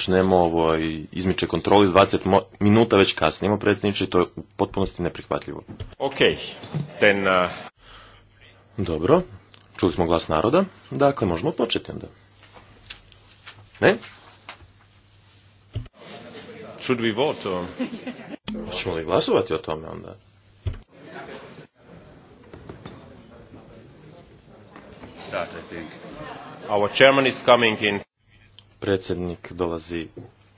počnemo ovo izmiče kontroli 20 minuta već kasnimo predsjedniče, to je u potpunosti neprihvatljivo. Ok, ten... Uh, Dobro, čuli smo glas naroda, dakle možemo početi onda. Ne? Should we vote? Hoćemo li glasovati o tome onda? That, I think. Our chairman is coming in predsjednik dolazi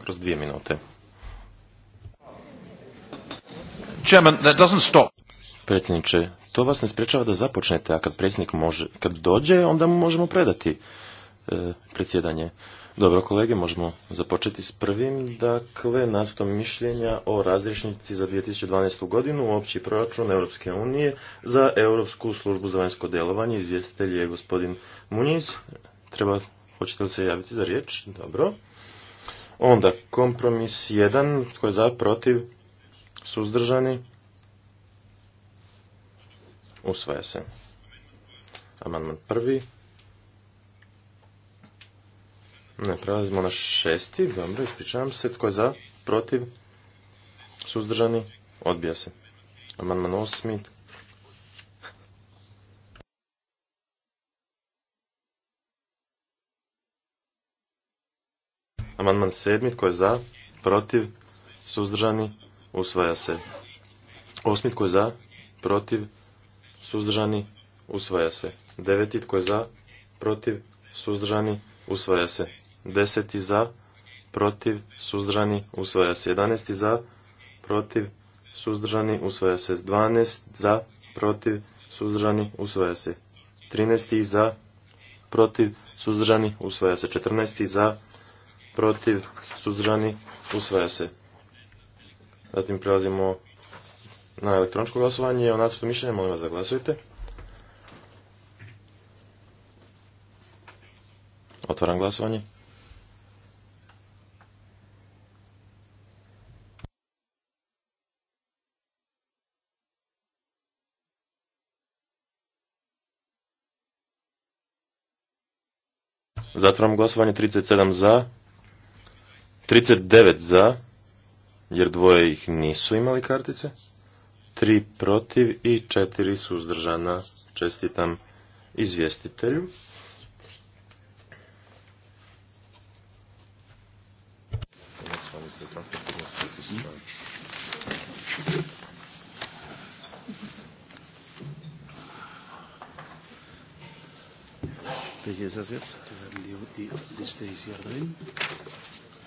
kroz dvije minute. Predsjedniče, to vas ne sprečava da započnete, a kad predsjednik može, kad dođe, onda mu možemo predati e, predsjedanje. Dobro, kolege, možemo započeti s prvim, dakle, nastom mišljenja o razrišnici za 2012. godinu, opći proračun Europske unije za Europsku službu za vanjsko djelovanje. Izvjestitelj je gospodin Muniz. Treba Hoćete li se javiti za riječ? Dobro. Onda kompromis 1, tko je za, protiv, suzdržani, usvaja se. Amandman prvi. Ne, prelazimo na šesti, dobro, ispričavam se, tko je za, protiv, suzdržani, odbija se. Amandman osmi, Amandman sedmi, tko je za, protiv, suzdržani, usvaja se. Osmi, tko je za, protiv, suzdržani, usvaja se. Deveti, tko je za, protiv, suzdržani, usvaja se. Deseti za, protiv, suzdržani, usvaja se. Jedanesti za, protiv, suzdržani, usvaja se. Dvanest za, protiv, suzdržani, usvaja se. Trinesti za, protiv, suzdržani, usvaja se. Četrnesti za, protiv, suzdržani, usvaja se. Zatim prelazimo na elektroničko glasovanje. O nacrtu mišljenja molim vas da glasujete. Otvaram glasovanje. Zatvaram glasovanje 37 za, 39 za, jer dvoje ih nisu imali kartice. 3 protiv i 4 su uzdržana, Čestitam izvjestitelju. Welche ist das jetzt? Die Liste hier drin.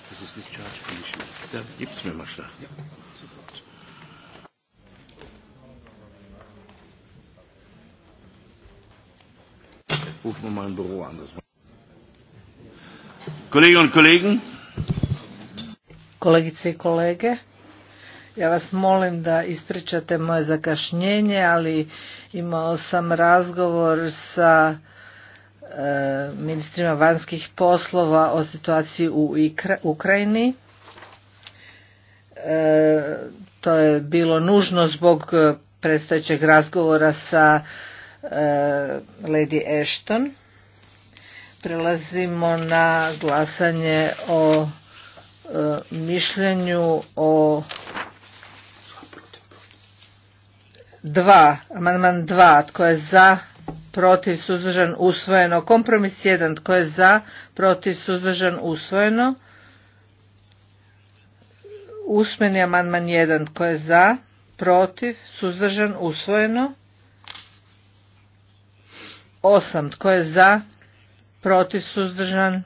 Das ist Discharge Commission. Da gibt's mir mal Schlag. Ja, Rufen wir mal ein Büro an. Das Kolleginnen und Kollegen. Kolegice i kolege, ja vas molim da ispričate moje zakašnjenje, ali imao sam razgovor sa E, ministrima vanjskih poslova o situaciji u Ukrajini. E, to je bilo nužno zbog e, predstojećeg razgovora sa Lady Ashton. Prelazimo na glasanje o mišljenju o dva, amandman dva, tko je za, protiv suzdržan usvojeno. Kompromis 1 tko je za, protiv suzdržan usvojeno. Usmeni amandman 1 tko je za, protiv suzdržan usvojeno. 8 tko je za, protiv suzdržan.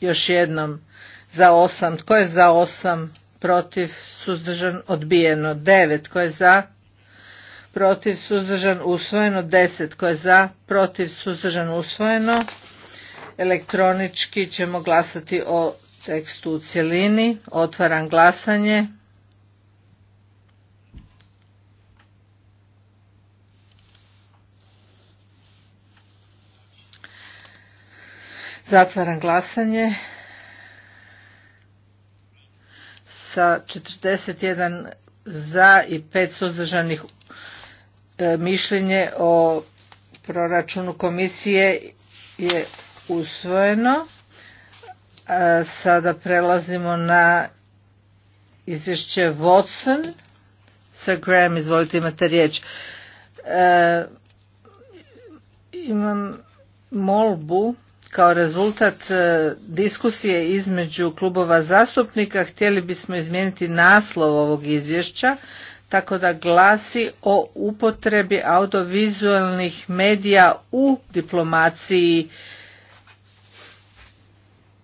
Još jednom za 8 tko je za 8, protiv suzdržan odbijeno. 9 tko je za, protiv suzdržan usvojeno 10 koje za protiv suzdržan usvojeno elektronički ćemo glasati o tekstu u cjelini otvaram glasanje zatvaram glasanje sa 41 za i 5 suzdržanih E, mišljenje o proračunu komisije je usvojeno. E, sada prelazimo na izvješće Watson. Sir Graham, izvolite, imate riječ. E, imam molbu kao rezultat diskusije između klubova zastupnika htjeli bismo izmijeniti naslov ovog izvješća tako da glasi o upotrebi audiovizualnih medija u diplomaciji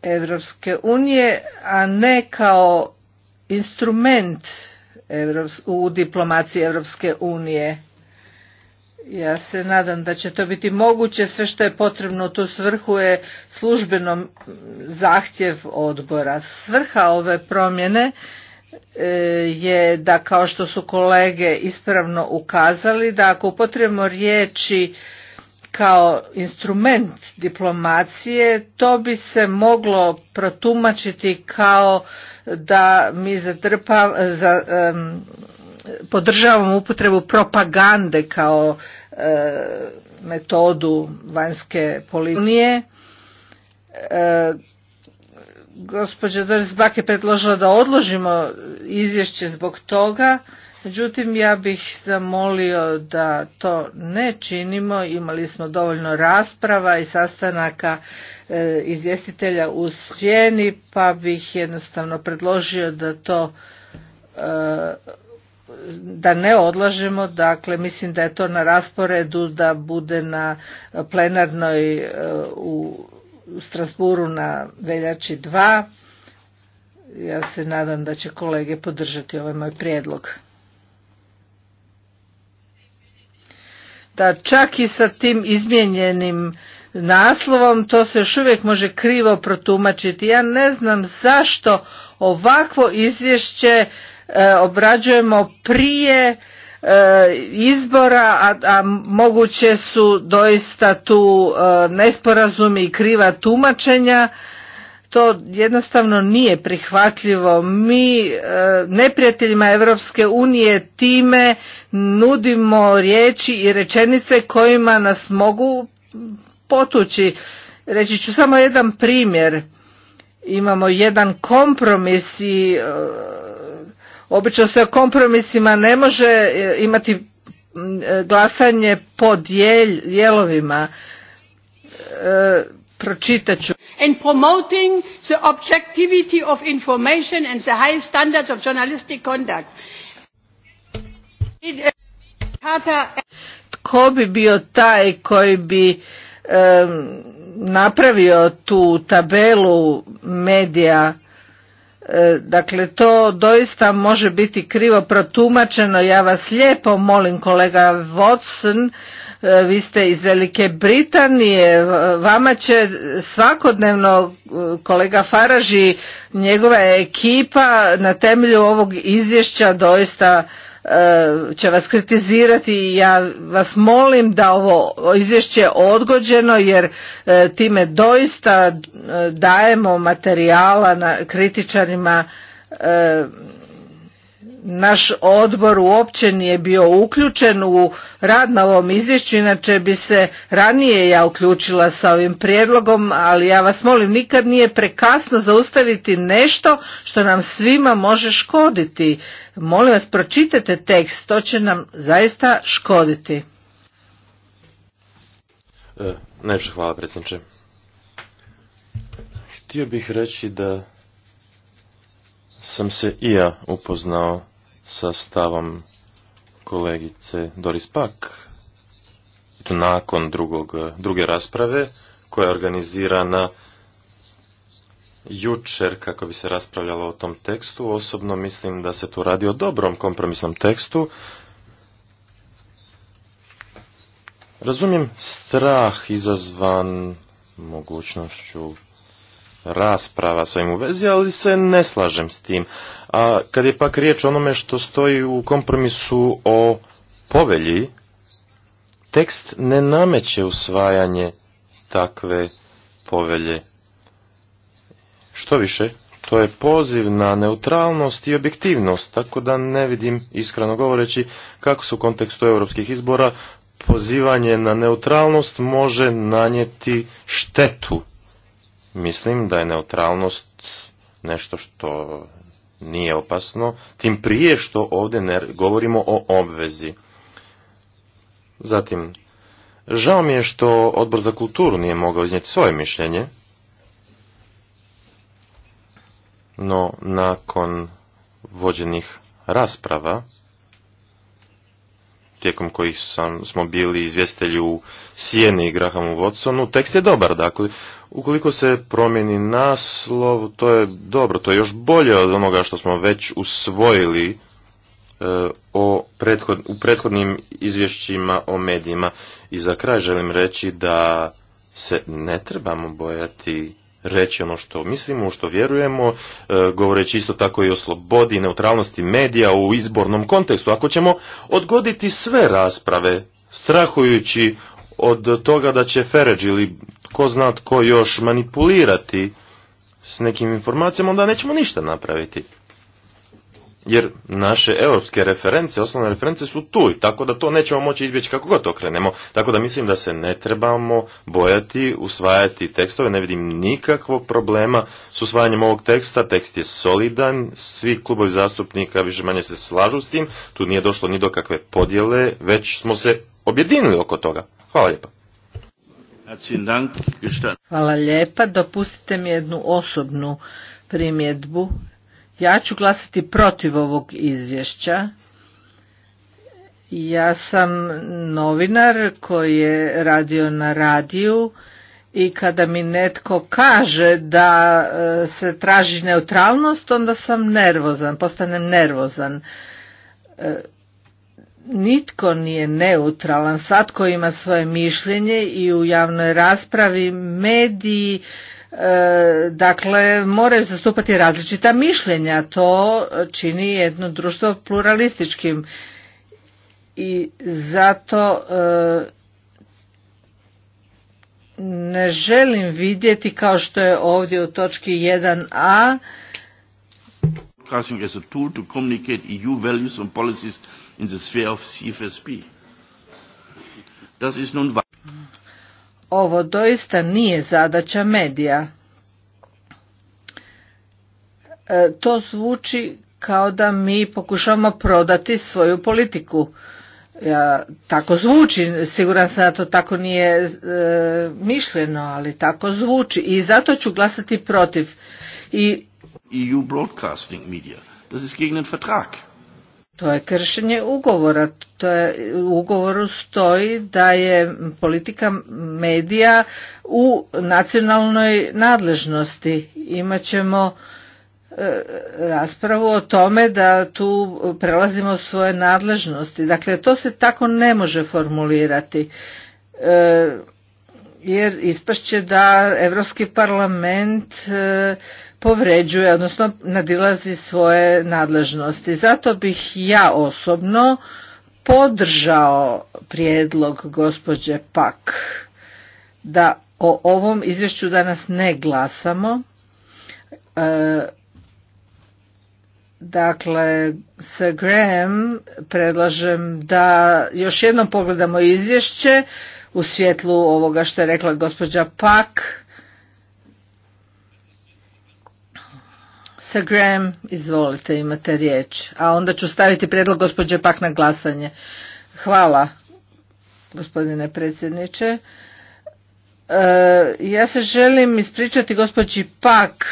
Europske unije, a ne kao instrument u diplomaciji Europske unije. Ja se nadam da će to biti moguće. Sve što je potrebno u tu svrhu je službenom zahtjev odbora. Svrha ove promjene E, je da kao što su kolege ispravno ukazali da ako upotrebimo riječi kao instrument diplomacije to bi se moglo protumačiti kao da mi za, um, podržavamo upotrebu propagande kao e, metodu vanjske politike. E, gospođa Doris Bak je predložila da odložimo izvješće zbog toga, međutim ja bih zamolio da to ne činimo, imali smo dovoljno rasprava i sastanaka e, izvjestitelja u Svijeni pa bih jednostavno predložio da to e, da ne odlažemo, dakle mislim da je to na rasporedu da bude na plenarnoj e, u u Strasburu na veljači 2. Ja se nadam da će kolege podržati ovaj moj prijedlog. Da čak i sa tim izmijenjenim naslovom to se još uvijek može krivo protumačiti. Ja ne znam zašto ovakvo izvješće e, obrađujemo prije E, izbora, a, a moguće su doista tu e, nesporazumi i kriva tumačenja. To jednostavno nije prihvatljivo. Mi e, neprijateljima Europske unije time nudimo riječi i rečenice kojima nas mogu potući. Reći ću samo jedan primjer. Imamo jedan kompromis i Obično se o kompromisima ne može e, imati e, glasanje po dijelovima. E, pročitat ću. And promoting the objectivity of information and the high standards of journalistic conduct. Uh, Tko bi bio taj koji bi napravio tu tabelu medija E, dakle, to doista može biti krivo protumačeno. Ja vas lijepo molim kolega Watson, e, vi ste iz Velike Britanije, vama će svakodnevno e, kolega Faraži, njegova ekipa na temelju ovog izvješća doista E, će vas kritizirati i ja vas molim da ovo izvješće je odgođeno jer e, time doista e, dajemo materijala na kritičarima naš odbor uopće nije bio uključen u rad na ovom izvješću, inače bi se ranije ja uključila sa ovim prijedlogom, ali ja vas molim, nikad nije prekasno zaustaviti nešto što nam svima može škoditi. Molim vas, pročitajte tekst, to će nam zaista škoditi. E, hvala, predsjedniče. Htio bih reći da sam se i ja upoznao sa stavom kolegice Doris Pak nakon drugog, druge rasprave koja je organizirana jučer kako bi se raspravljalo o tom tekstu. Osobno mislim da se tu radi o dobrom kompromisnom tekstu. Razumijem strah izazvan mogućnošću rasprava sa u vezi, ali se ne slažem s tim. A kad je pak riječ o onome što stoji u kompromisu o povelji, tekst ne nameće usvajanje takve povelje. Što više, to je poziv na neutralnost i objektivnost, tako da ne vidim, iskreno govoreći, kako se u kontekstu europskih izbora pozivanje na neutralnost može nanijeti štetu mislim da je neutralnost nešto što nije opasno, tim prije što ovdje ne govorimo o obvezi. Zatim, žao mi je što odbor za kulturu nije mogao iznijeti svoje mišljenje, no nakon vođenih rasprava tijekom kojih sam, smo bili izvjestelji u Sijeni i Grahamu Watsonu. Tekst je dobar, dakle, ukoliko se promijeni naslov, to je dobro, to je još bolje od onoga što smo već usvojili e, o prethod, u prethodnim izvješćima o medijima. I za kraj želim reći da se ne trebamo bojati reći ono što mislimo, što vjerujemo, e, govoreći isto tako i o slobodi i neutralnosti medija u izbornom kontekstu. Ako ćemo odgoditi sve rasprave, strahujući od toga da će Feređ ili ko zna tko još manipulirati s nekim informacijama, onda nećemo ništa napraviti jer naše europske reference, osnovne reference su tu i tako da to nećemo moći izbjeći kako god okrenemo. Tako da mislim da se ne trebamo bojati usvajati tekstove, ne vidim nikakvog problema s usvajanjem ovog teksta, tekst je solidan, svi klubovi zastupnika više manje se slažu s tim, tu nije došlo ni do kakve podjele, već smo se objedinili oko toga. Hvala lijepa. Hvala lijepa, dopustite mi jednu osobnu primjedbu ja ću glasati protiv ovog izvješća. Ja sam novinar koji je radio na radiju i kada mi netko kaže da e, se traži neutralnost, onda sam nervozan, postanem nervozan. E, nitko nije neutralan, svatko ima svoje mišljenje i u javnoj raspravi mediji E, dakle moraju zastupati različita mišljenja to čini jedno društvo pluralističkim i zato e, ne želim vidjeti kao što je ovdje u točki 1a broadcasting as a tool to communicate EU values and policies in the sphere of CFSP. Das ist nun ovo doista nije zadaća medija. E, to zvuči kao da mi pokušavamo prodati svoju politiku. Ja, tako zvuči, siguran sam da to tako nije e, mišljeno, ali tako zvuči i zato ću glasati protiv. I EU broadcasting media, das ist gegen den Vertrag. To je kršenje ugovora. To je, u ugovoru stoji da je politika medija u nacionalnoj nadležnosti. Imaćemo ćemo e, raspravu o tome da tu prelazimo svoje nadležnosti. Dakle, to se tako ne može formulirati. E, jer ispašće da Europski parlament e, povređuje, odnosno nadilazi svoje nadležnosti. Zato bih ja osobno podržao prijedlog gospođe Pak da o ovom izvješću danas ne glasamo. E, dakle, sa Graham predlažem da još jednom pogledamo izvješće u svjetlu ovoga što je rekla gospođa Pak Sir Graham, izvolite, imate riječ. A onda ću staviti predlog gospođe Pak na glasanje. Hvala, gospodine predsjedniče. E, ja se želim ispričati gospođi Pak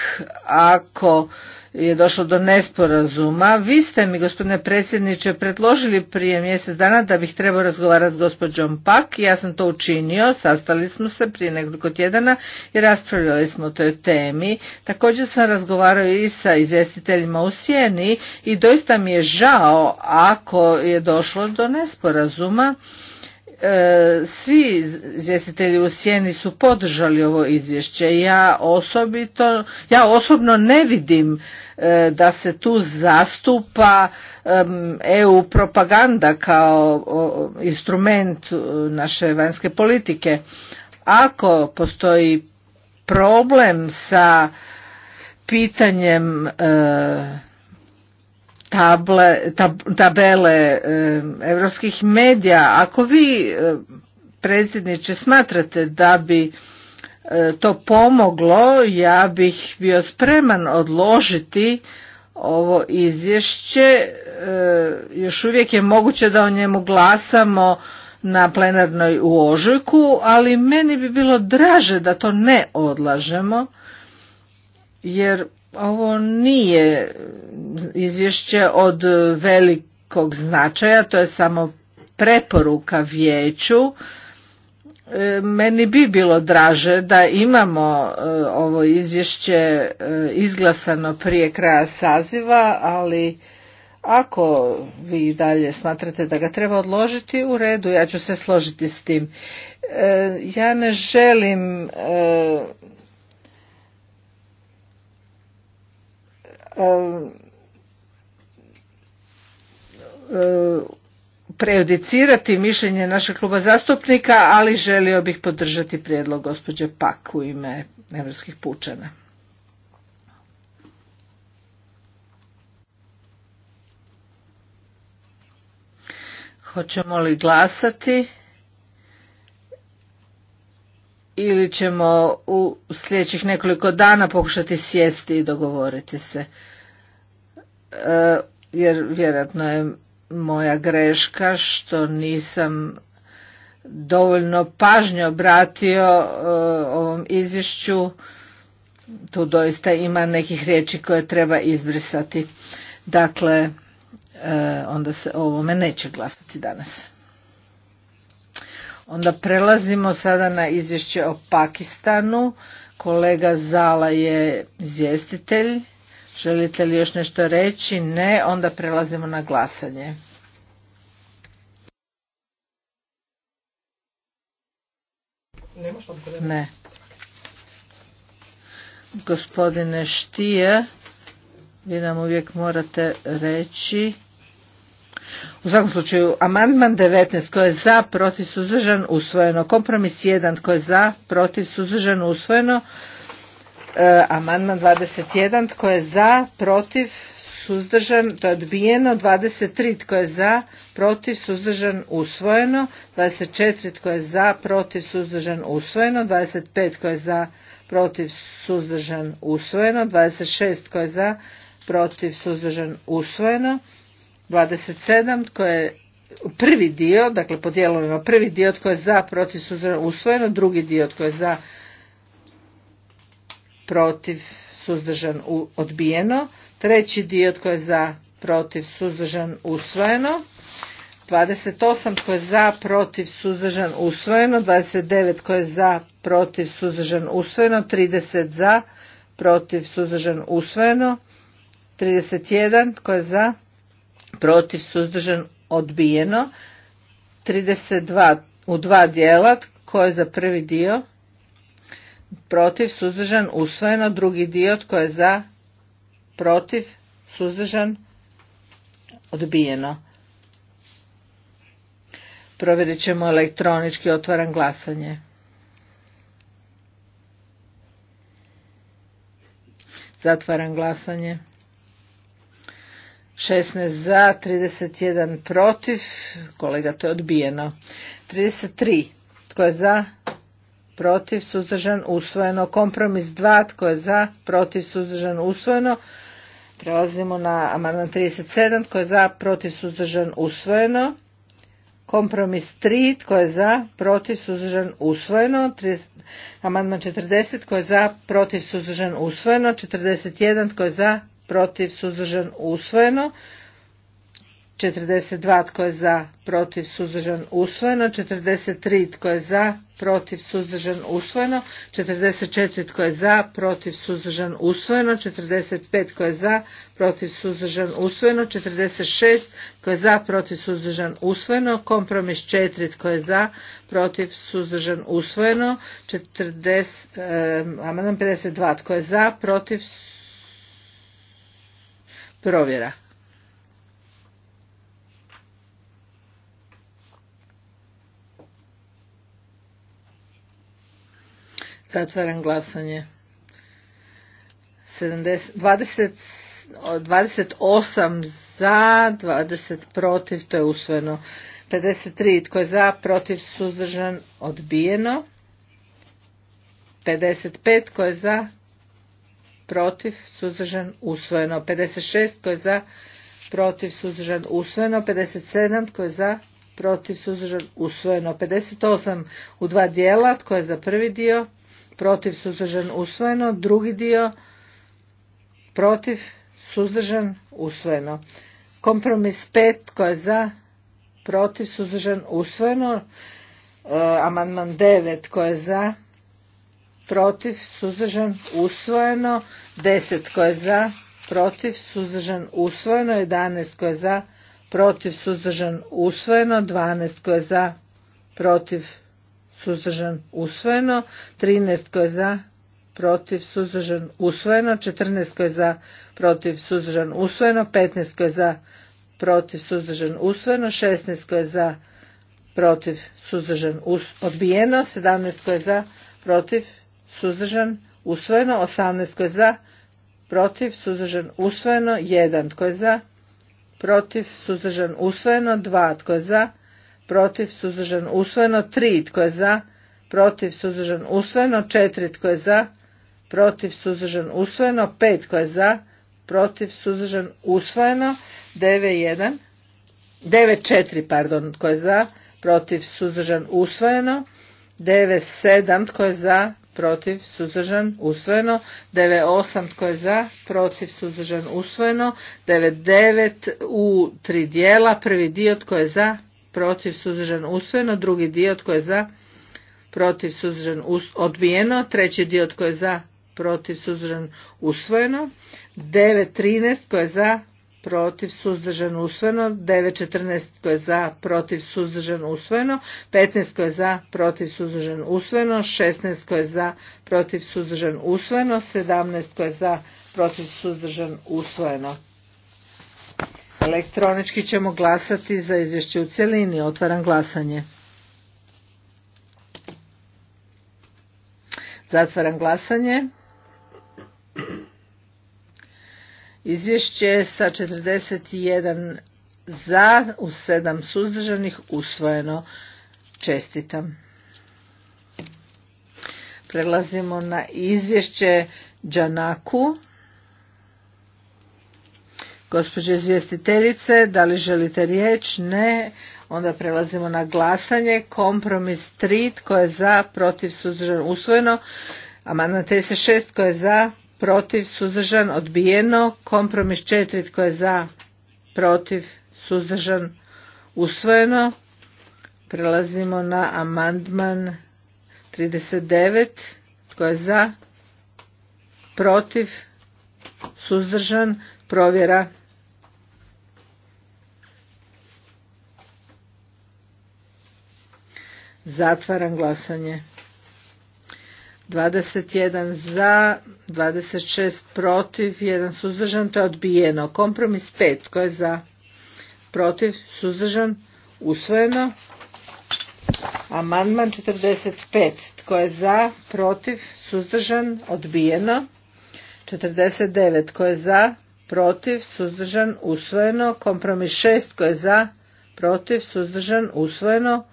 ako je došlo do nesporazuma. Vi ste mi, gospodine predsjedniče, predložili prije mjesec dana da bih trebao razgovarati s gospođom Pak. Ja sam to učinio, sastali smo se prije nekoliko tjedana i raspravljali smo o toj temi. Također sam razgovarao i sa izvjestiteljima u Sjeni i doista mi je žao ako je došlo do nesporazuma. E, svi izvjestitelji u sjeni su podržali ovo izvješće ja osobito ja osobno ne vidim e, da se tu zastupa eu propaganda kao instrument e, naše vanjske politike ako postoji problem sa pitanjem table, tabele europskih medija. Ako vi predsjedniče smatrate da bi to pomoglo, ja bih bio spreman odložiti ovo izvješće. Još uvijek je moguće da o njemu glasamo na plenarnoj u ožujku, ali meni bi bilo draže da to ne odlažemo, jer ovo nije izvješće od velikog značaja, to je samo preporuka vijeću. E, meni bi bilo draže da imamo e, ovo izvješće e, izglasano prije kraja saziva, ali ako vi dalje smatrate da ga treba odložiti, u redu, ja ću se složiti s tim. Ja ne želim Ehm, ehm, prejudicirati mišljenje našeg kluba zastupnika, ali želio bih podržati prijedlog gospođe Pak u ime Evropskih pučana. Hoćemo li glasati? ćemo u sljedećih nekoliko dana pokušati sjesti i dogovoriti se. E, jer vjerojatno je moja greška što nisam dovoljno pažnje obratio e, ovom izvješću. Tu doista ima nekih riječi koje treba izbrisati. Dakle, e, onda se o ovome neće glasati danas. Onda prelazimo sada na izvješće o Pakistanu. Kolega Zala je izvjestitelj. Želite li još nešto reći? Ne. Onda prelazimo na glasanje. Ne. Gospodine Štije, vi nam uvijek morate reći u svakom slučaju, amandman 19 koji je za, protiv, suzdržan, usvojeno. Kompromis 1 koji je za, protiv, suzdržan, usvojeno. E, amandman 21 tko je za, protiv, suzdržan, to je odbijeno. 23 tko je za, protiv, suzdržan, usvojeno. 24 tko je za, protiv, suzdržan, usvojeno. 25 tko je za, protiv, suzdržan, usvojeno. 26 tko je za, protiv, suzdržan, usvojeno. 27 tko je prvi dio, dakle po dijelovima prvi dio tko je za, protiv, suzdržan, usvojeno, drugi dio tko je za, protiv, suzdržan, odbijeno, treći dio tko je za, protiv, suzdržan, usvojeno, 28 tko je za, protiv, suzdržan, usvojeno, 29 tko je za, protiv, suzdržan, usvojeno, 30 za, protiv, suzdržan, usvojeno, 31 tko je za, protiv suzdržan odbijeno 32 u dva dijela tko je za prvi dio protiv suzdržan usvojeno drugi dio tko je za protiv suzdržan odbijeno provjerit ćemo elektronički otvaran glasanje zatvaram glasanje 16 za, 31 protiv. Kolega, to je odbijeno. 33. Tko je za? Protiv, suzdržan, usvojeno. Kompromis 2. Tko je za? Protiv, suzdržan, usvojeno. Prelazimo na amandman 37. Tko je za? Protiv, suzdržan, usvojeno. Kompromis 3. Tko je za? Protiv, suzdržan, usvojeno. Amandman 40. Tko je za? Protiv, suzdržan, usvojeno. 41. Tko je za? protiv, suzdržan, usvojeno. 42 tko je za, protiv, suzdržan, usvojeno. 43 tko je za, protiv, suzdržan, usvojeno. 44 tko je za, protiv, suzdržan, usvojeno. 45 tko je za, protiv, suzdržan, usvojeno. 46 tko je za, protiv, suzdržan, usvojeno. Kompromis 4 tko je za, protiv, suzdržan, usvojeno. 40, 52 eh, tko je za, protiv, Provjera. Zatvaram glasanje. 70, 28 za, 20 protiv, to je usvojeno. 53 tko je za, protiv, suzdržan, odbijeno. 55 tko je za, protiv, suzdržan, usvojeno. 56 tko je za, protiv, suzdržan, usvojeno. 57 tko je za, protiv, suzdržan, usvojeno. 58 u dva dijela, tko je za prvi dio, protiv, suzdržan, usvojeno. Drugi dio, protiv, suzdržan, usvojeno. Kompromis 5 tko je za, protiv, suzdržan, usvojeno. E, amandman 9 tko je za, protiv, suzdržan, usvojeno, 10 koje za, protiv, suzdržan, usvojeno, 11 koje za, protiv, suzdržan, usvojeno, 12 koje za, protiv, suzdržan, usvojeno, 13 koje za, protiv, suzdržan, usvojeno, 14 koje za, protiv, suzdržan, usvojeno, 15 koje za, protiv, suzdržan, usvojeno, 16 koje za, protiv, suzdržan, odbijeno, 17 koje za, protiv, suzdržan, usvojeno, 18 tko je za, protiv, suzdržan, usvojeno, 1 tko je za, protiv, suzdržan, usvojeno, 2 tko je za, protiv, suzdržan, usvojeno, 3 tko je za, protiv, suzdržan, usvojeno, 4 tko je za, protiv, suzdržan, usvojeno, 5 tko je za, protiv, suzdržan, usvojeno, 9-1, 9-4, pardon, tko je za, protiv, suzdržan, usvojeno, 9-7, tko je za, protiv, suzdržan, usvojeno. 98 tko je za, protiv, suzdržan, usvojeno. 99 u tri dijela, prvi dio tko je za, protiv, suzdržan, usvojeno. Drugi dio tko je za, protiv, suzdržan, odbijeno. Treći dio tko je za, protiv, suzdržan, usvojeno. 9.13 tko je za, protiv suzdržano usvojeno, 9.14 koje je za protiv suzdržano usvojeno, 15 koje je za protiv suzdržan, usvojeno, 16 koje je za protiv suzdržan usvojeno, 17 koje je za protiv suzdržan usvojeno. Elektronički ćemo glasati za izvješće u cjelini. Otvaram glasanje. Zatvaram glasanje. izvješće sa 41 za u 7 suzdržanih usvojeno. Čestitam. Prelazimo na izvješće Džanaku. Gospođe izvjestiteljice, da li želite riječ? Ne. Onda prelazimo na glasanje. Kompromis 3, tko je za, protiv, suzdržan, usvojeno. Amandman 36, tko je za, protiv, suzdržan, odbijeno. Kompromis četiri tko je za, protiv, suzdržan, usvojeno. Prelazimo na amandman 39. Tko je za? Protiv? Suzdržan? Provjera. Zatvaram glasanje. 21 za, 26 protiv, 1 suzdržan, to je odbijeno. Kompromis 5, tko je za, protiv, suzdržan, usvojeno. Amandman 45, tko je za, protiv, suzdržan, odbijeno. 49, tko je za, protiv, suzdržan, usvojeno. Kompromis 6, tko je za, protiv, suzdržan, usvojeno.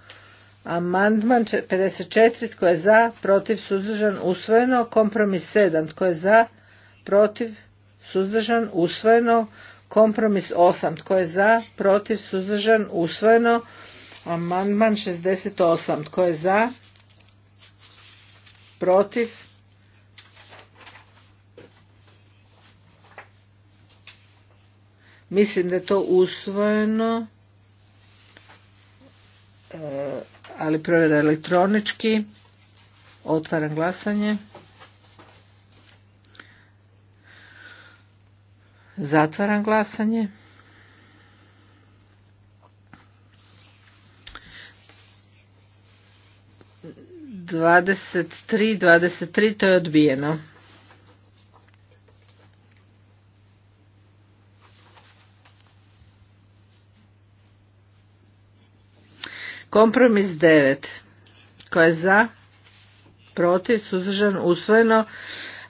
Amandman 54 tko je za, protiv, suzdržan, usvojeno. Kompromis 7 tko je za, protiv, suzdržan, usvojeno. Kompromis 8 tko je za, protiv, suzdržan, usvojeno. Amandman 68 tko je za, protiv, mislim da je to usvojeno. ali provjera elektronički. Otvaram glasanje. Zatvaram glasanje. Dvadeset tri, dvadeset tri, to je odbijeno. Kompromis 9. Ko je za? Protiv? Suzdržan? Usvojeno.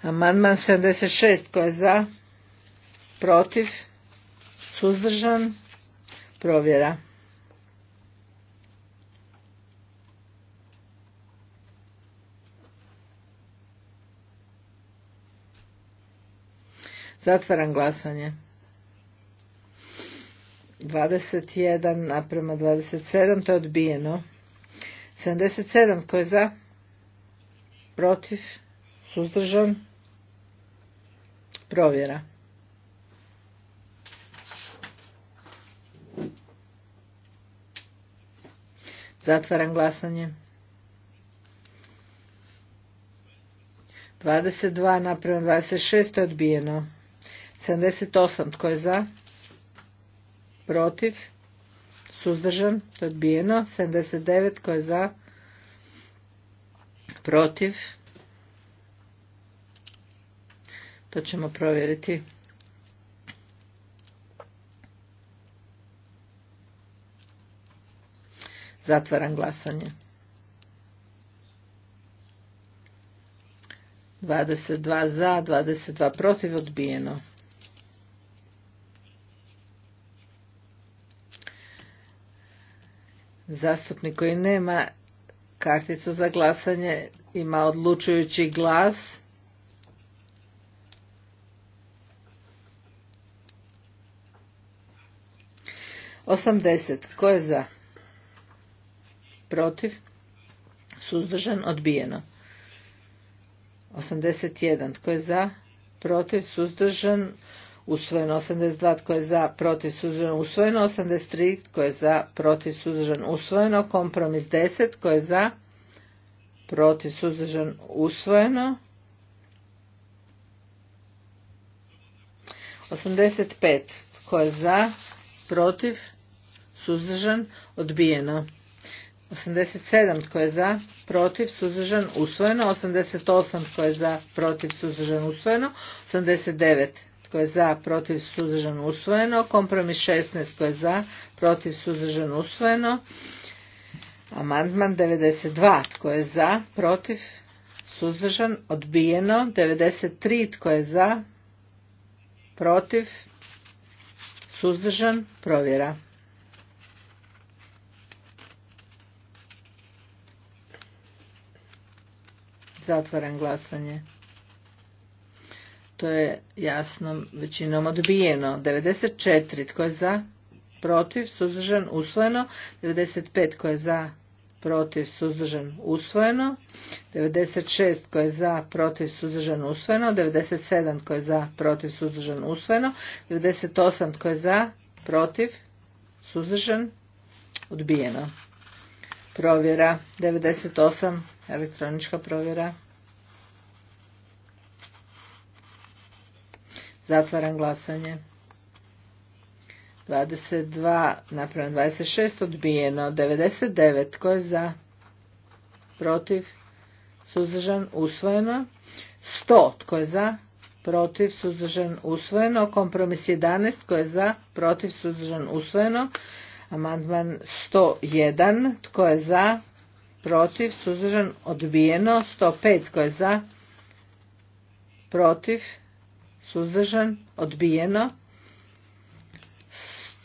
Amandman 76. Ko je za? Protiv? Suzdržan? Provjera. Zatvaram glasanje. 21 naprema 27, to je odbijeno. 77, tko je za? Protiv? Suzdržan? Provjera. Zatvaram glasanje. 22 naprema 26, to je odbijeno. 78, tko je za? protiv, suzdržan, to je odbijeno. 79 tko je za, protiv, to ćemo provjeriti. Zatvaram glasanje. 22 za, 22 protiv, odbijeno. Zastupnik koji nema karticu za glasanje ima odlučujući glas. Osamdeset. Ko je za? Protiv? Suzdržan? Odbijeno. Osamdeset jedan. Tko je za? Protiv? Suzdržan? usvojeno 82 tko je za protiv suzdržano, usvojeno 83 tko je za protiv suzdržan usvojeno kompromis 10 tko je za protiv suzdržan usvojeno 85 tko je za protiv suzdržan odbijeno 87 tko je za, protiv, suzdržan, usvojeno. 88 tko je za, protiv, suzdržan, usvojeno. 89 tko je za, protiv, suzdržan, usvojeno. Kompromis 16 tko je za, protiv, suzdržan, usvojeno. Amandman 92 tko je za, protiv, suzdržan, odbijeno. 93 tko je za, protiv, suzdržan, provjera. Zatvoren glasanje. To je jasno većinom odbijeno. 94 tko je za, protiv, suzdržan, usvojeno. 95 tko je za, protiv, suzdržan, usvojeno. 96 tko je za, protiv, suzdržan, usvojeno. 97 tko je za, protiv, suzdržan, usvojeno. 98 tko je za, protiv, suzdržan, odbijeno. Provjera 98, elektronička provjera. Zatvaram glasanje. 22 napravljeno 26 odbijeno. 99 tko je za? Protiv? Suzdržan? Usvojeno. 100 tko je za? Protiv? Suzdržan? Usvojeno. Kompromis 11 tko je za? Protiv? Suzdržan? Usvojeno. Amandman 101 tko je za? Protiv? Suzdržan? Odbijeno. 105 tko je za? Protiv? suzdržan, odbijeno.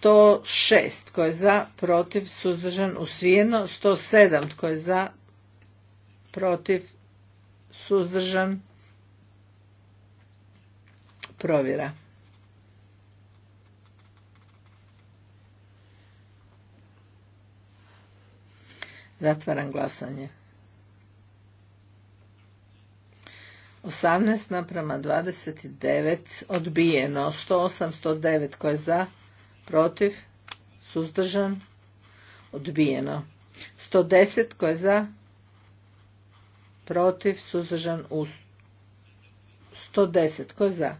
106 tko je za, protiv, suzdržan, usvijeno. 107 tko je za, protiv, suzdržan, provjera. Zatvaram glasanje. 18 naprama 29 odbijeno. 108, 109 koje je za, protiv, suzdržan, odbijeno. 110 koje je za, protiv, suzdržan, 110 koje je za,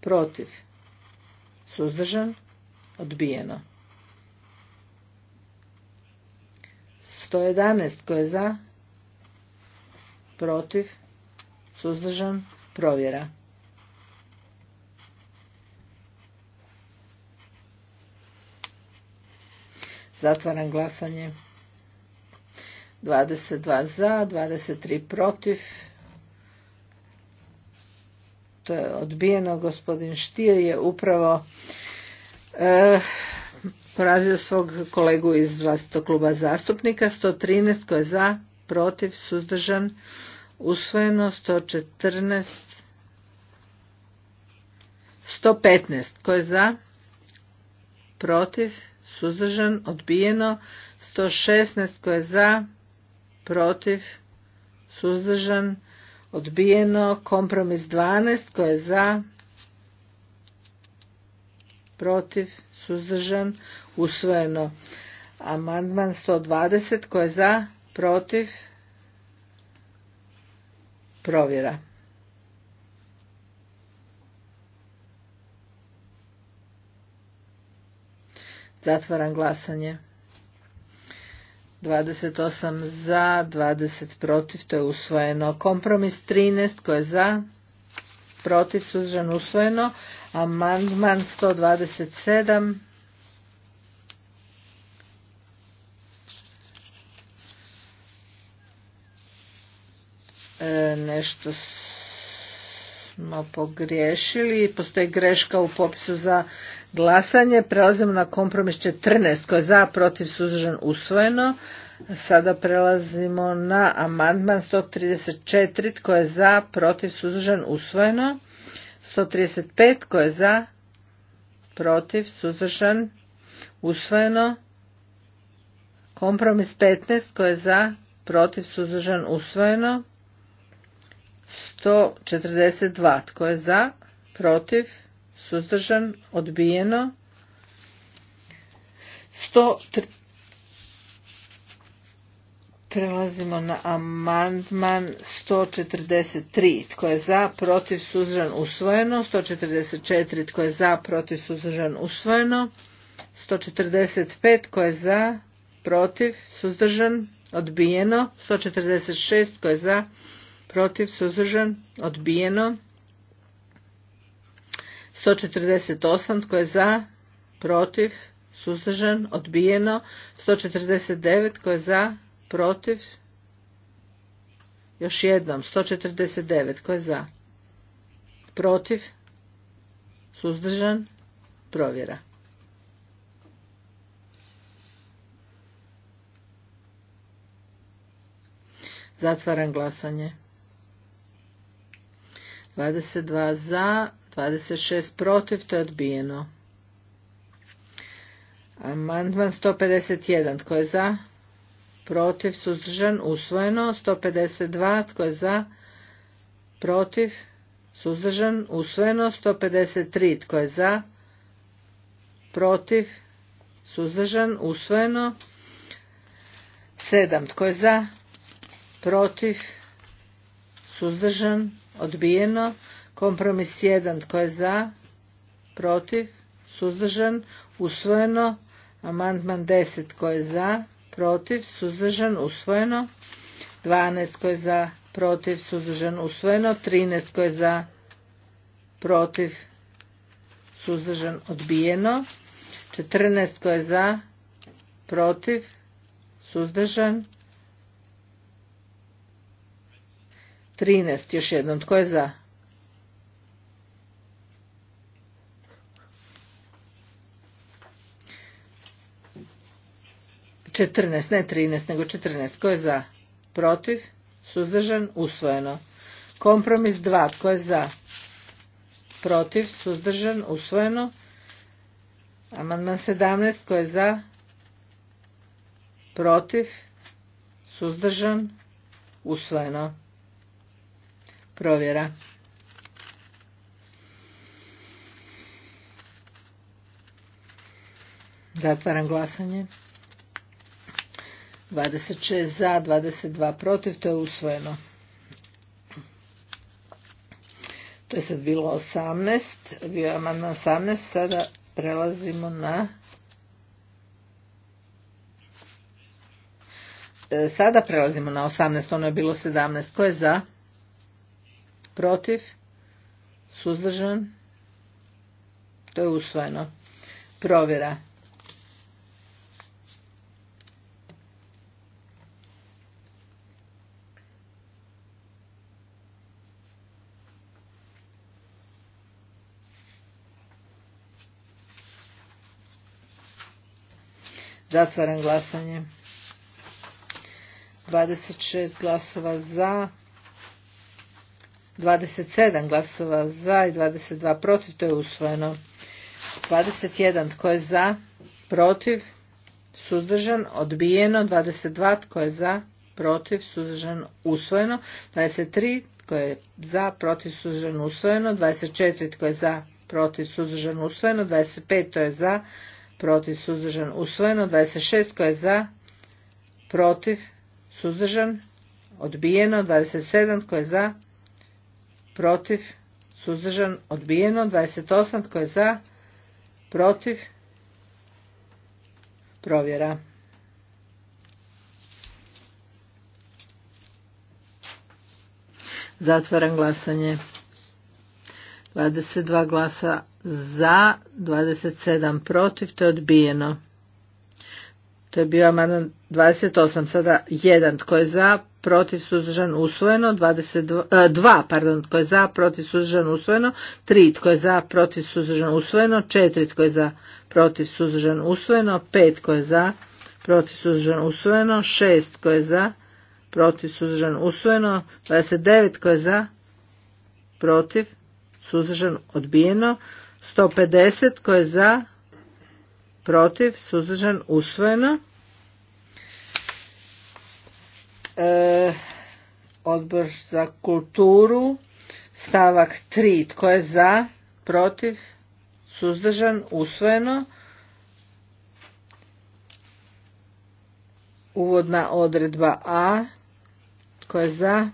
protiv, suzdržan, odbijeno. 111 koje je za, protiv, suzdržan, provjera. Zatvaram glasanje. 22 za, 23 protiv. To je odbijeno. Gospodin Štir je upravo e, porazio svog kolegu iz vlastitog kluba zastupnika. 113 koje je za, protiv, suzdržan, usvojeno 114, 115, ko je za, protiv, suzdržan, odbijeno, 116, ko je za, protiv, suzdržan, odbijeno, kompromis 12, ko je za, protiv, suzdržan, usvojeno. Amandman 120, ko je za, protiv, provjera. Zatvaram glasanje. 28 za, 20 protiv, to je usvojeno. Kompromis 13, ko je za, protiv, suzdržan, usvojeno. Amandman 127 nešto smo pogriješili. Postoji greška u popisu za glasanje. Prelazimo na kompromis 14 koji je za, protiv, suzdržan, usvojeno. Sada prelazimo na amandman 134 koji je za, protiv, suzdržan, usvojeno. 135 koji je za, protiv, suzdržan, usvojeno. Kompromis 15 koji je za, protiv, suzdržan, usvojeno. 142. Tko je za? Protiv? Suzdržan? Odbijeno? 103. Prelazimo na amandman 143. Tko je za, protiv, suzdržan, usvojeno. 144. Tko je za, protiv, suzdržan, usvojeno. 145. Tko je za, protiv, suzdržan, odbijeno. 146. Tko je za, protiv, suzdržan, odbijeno. 148 tko je za, protiv, suzdržan, odbijeno. 149 tko je za, protiv, još jednom, 149 tko je za, protiv, suzdržan, provjera. Zatvaram glasanje. 22 za, 26 protiv, to je odbijeno. Amandman 151, tko je za? Protiv, suzdržan, usvojeno. 152, tko je za? Protiv, suzdržan, usvojeno. 153, tko je za? Protiv, suzdržan, usvojeno. 7, tko je za? Protiv, suzdržan, odbijeno. Kompromis 1 tko je za, protiv, suzdržan, usvojeno. Amandman 10 tko je za, protiv, suzdržan, usvojeno. 12 tko je za, protiv, suzdržan, usvojeno. 13 tko je za, protiv, suzdržan, odbijeno. 14 tko je za, protiv, suzdržan, 13 još jednom. Tko je za? Četrnaest, ne trinaest, nego četrnaest. Tko je za? Protiv? Suzdržan? Usvojeno. Kompromis dva. Tko je za? Protiv? Suzdržan? Usvojeno. Amandman sedamnaest. Tko je za? Protiv? Suzdržan? Usvojeno provjera. Zatvaram glasanje. 26 za, 22 protiv, to je usvojeno. To je sad bilo 18, bio je amandman 18, sada prelazimo na... E, sada prelazimo na 18, ono je bilo 17. Ko je za? protiv, suzdržan, to je usvojeno. Provjera. Zatvaram glasanje. 26 glasova za, 27 glasova za i 22 protiv, to je usvojeno. 21 tko je za, protiv, suzdržan, odbijeno. 22 tko je za, protiv, suzdržan, usvojeno. 23 tko je za, protiv, suzdržan, usvojeno. 24 tko je za, protiv, suzdržan, usvojeno. 25 to je za, protiv, suzdržan, usvojeno. 26 tko je za, protiv, suzdržan, odbijeno. 27 tko je za, protiv, suzdržan, odbijeno. 28 tko je za, protiv, provjera. Zatvaram glasanje. 22 glasa za, 27 protiv, to je odbijeno. To je bio amandman 28, sada 1. Tko je za, protiv suzdržan usvojeno, 22, e, dva, pardon, tko je za, protiv suzdržan usvojeno, 3 tko je za, protiv suzdržan usvojeno, 4 tko je za, protiv suzdržan usvojeno, 5 tko je za, protiv suzdržan usvojeno, 6 tko je za, protiv suzdržan usvojeno, 29 tko je za, protiv suzdržan odbijeno, 150 tko je za, protiv suzdržan usvojeno. E, odbor za kulturu, stavak 3. Tko je za, protiv, suzdržan, usvojeno. Uvodna odredba A. Tko je za,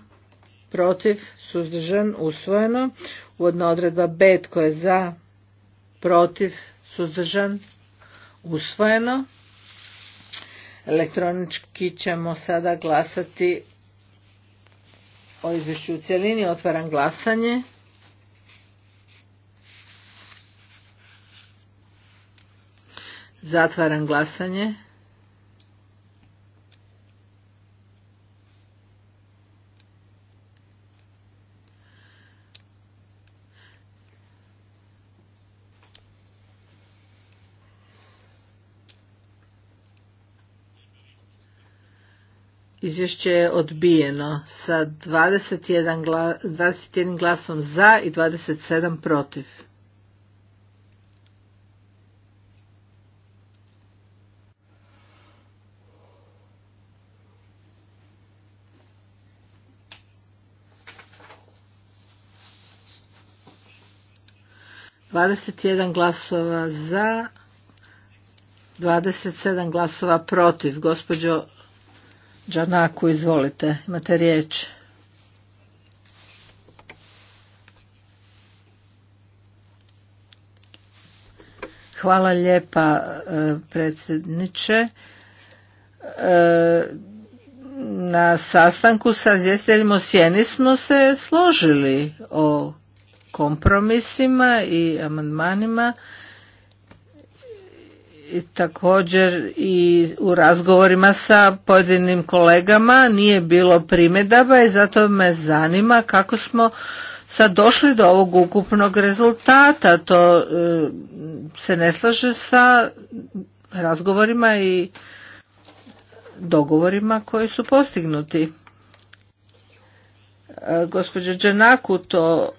protiv, suzdržan, usvojeno. Uvodna odredba B. Tko je za, protiv, suzdržan, usvojeno. Elektronički ćemo sada glasati o izvješću u cjelini. Otvaram glasanje. Zatvaram glasanje. Izvješće je odbijeno sa 21, gla, 21 glasom za i 27 protiv. Dvadeset jedan glasova za, dvadeset sedam glasova protiv. Gospođo Džanaku, izvolite, imate riječ. Hvala lijepa e, predsjedniče. E, na sastanku sa izvjestiteljima Sjeni smo se složili o kompromisima i amandmanima također i u razgovorima sa pojedinim kolegama nije bilo primjedaba i zato me zanima kako smo sad došli do ovog ukupnog rezultata. To e, se ne slaže sa razgovorima i dogovorima koji su postignuti. E, gospođa Đenaku to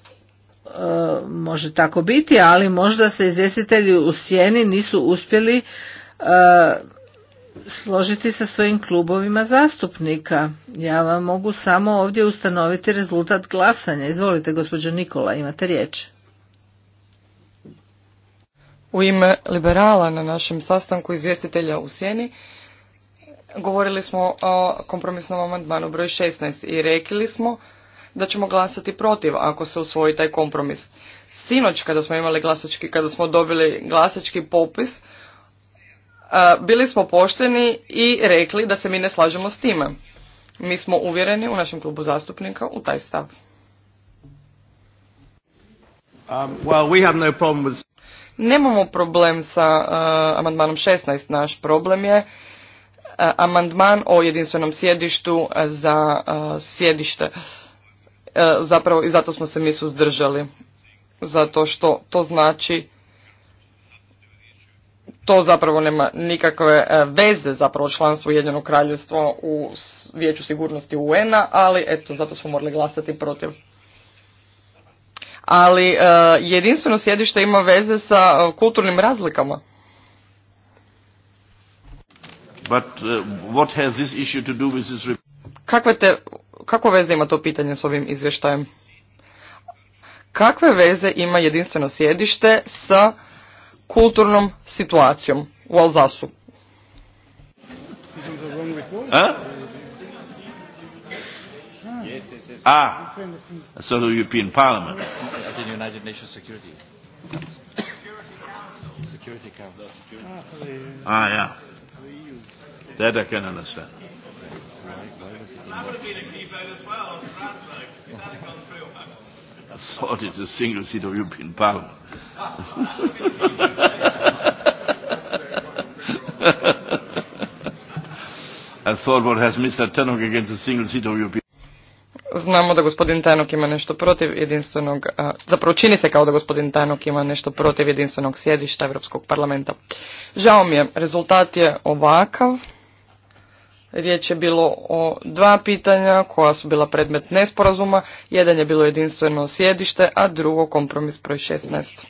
E, može tako biti, ali možda se izvjestitelji u sjeni nisu uspjeli e, složiti sa svojim klubovima zastupnika. Ja vam mogu samo ovdje ustanoviti rezultat glasanja. Izvolite, gospođo Nikola, imate riječ. U ime liberala na našem sastanku izvjestitelja u Sjeni govorili smo o kompromisnom amandmanu broj 16 i rekli smo da ćemo glasati protiv ako se usvoji taj kompromis. Sinoć kada smo imali glasački, kada smo dobili glasački popis, e, bili smo pošteni i rekli da se mi ne slažemo s time. Mi smo uvjereni u našem klubu zastupnika u taj stav. Um, Nemamo problem sa e, amandmanom 16. Naš problem je e, amandman o jedinstvenom sjedištu za sjedište. E, zapravo i zato smo se mi suzdržali. Zato što to znači to zapravo nema nikakve e, veze zapravo članstvo Ujedinjenog kraljevstva u Vijeću sigurnosti UN-a, ali eto, zato smo morali glasati protiv. Ali e, jedinstveno sjedište ima veze sa kulturnim razlikama. But what has this issue to do with this... Kakve te kako veze ima to pitanje s ovim izvještajem? Kakve veze ima jedinstveno sjedište sa kulturnom situacijom u Alzasu? A? Ah, so the European Parliament. the United Nations Security. Security Council. Ah, yeah. That I can understand. That would have been a key vote as well on Strasbourg. Is that gone through? I thought it's a single seat of European Parliament. I thought what has Mr. Tenok against a single seat of European Znamo da gospodin Tanok ima nešto protiv jedinstvenog, zapravo čini se kao da gospodin Tanok ima nešto protiv jedinstvenog sjedišta Europskog parlamenta. Žao mi je, rezultat je ovakav. Riječ je bilo o dva pitanja koja su bila predmet nesporazuma. Jedan je bilo jedinstveno sjedište, a drugo kompromis broj 16.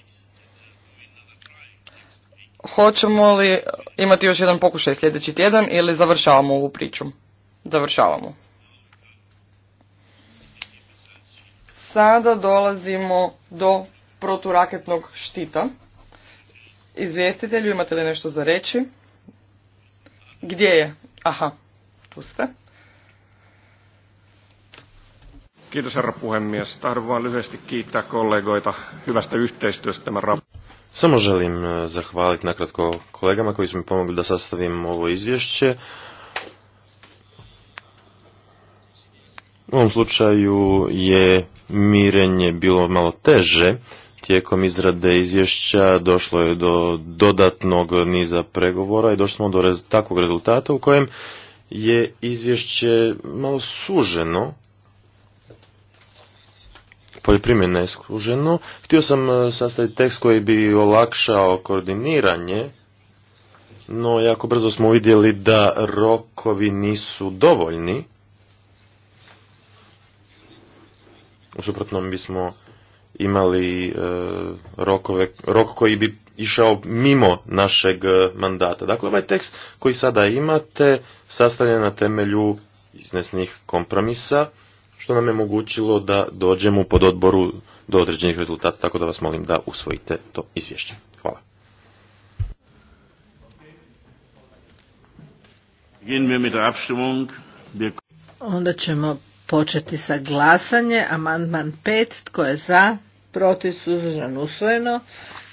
Hoćemo li imati još jedan pokušaj sljedeći tjedan ili završavamo ovu priču? Završavamo. Sada dolazimo do proturaketnog štita. Izvjestitelju, imate li nešto za reći? Gdje je? Aha. Tu Kiitos herra puhemies. Tahdon vain lyhyesti kiittää kollegoita hyvästä yhteistyöstä tämän raportin. Samo želim e, zahvaliti nakratko kolegama koji su mi pomogli da sastavim ovo izvješće. U ovom slučaju je mirenje bilo malo teže. Tijekom izrade izvješća došlo je do dodatnog niza pregovora i došli smo do takvog rezultata u kojem je izvješće malo suženo, poljoprimjena je suženo. Htio sam e, sastaviti tekst koji bi olakšao koordiniranje, no jako brzo smo vidjeli da rokovi nisu dovoljni. U suprotnom bismo imali e, rokove, rok koji bi išao mimo našeg e, mandata. Dakle, ovaj tekst koji sada imate sastavljen na temelju iznesnih kompromisa, što nam je mogućilo da dođemo pod odboru do određenih rezultata, tako da vas molim da usvojite to izvješće. Hvala. Onda ćemo početi sa glasanje. Amandman 5. Tko je za? Protiv suzdržan usvojeno.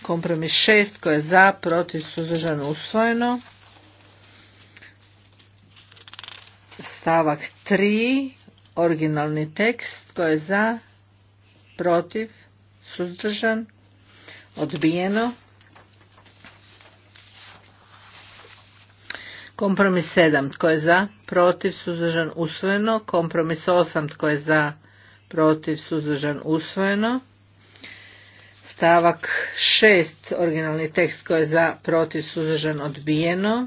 Kompromis 6 koje je za, protiv, suzdržano, usvojeno. Stavak 3, originalni tekst koje je za, protiv, suzdržan, odbijeno. Kompromis 7. Tko je za? Protiv, suzdržan, usvojeno. Kompromis 8. Tko je za? Protiv, suzdržan, usvojeno stavak 6, originalni tekst koji je za protiv suzdržan odbijeno.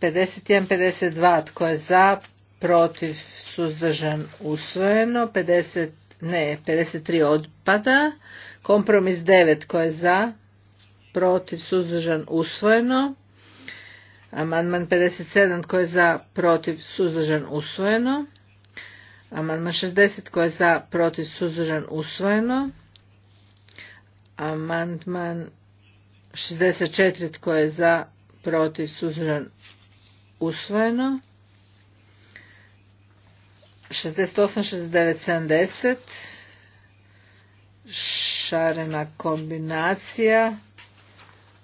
51, 52, tko je za, protiv, suzdržan, usvojeno. 50, ne, 53 odpada. Kompromis 9, tko je za, protiv, suzdržan, usvojeno. Amandman 57, tko je za, protiv, suzdržan, usvojeno. Amandman 60 koji je za protiv suzdržan usvojeno. Amandman 64 koji je za protiv suzdržan usvojeno. 68, 69, 70. Šarena kombinacija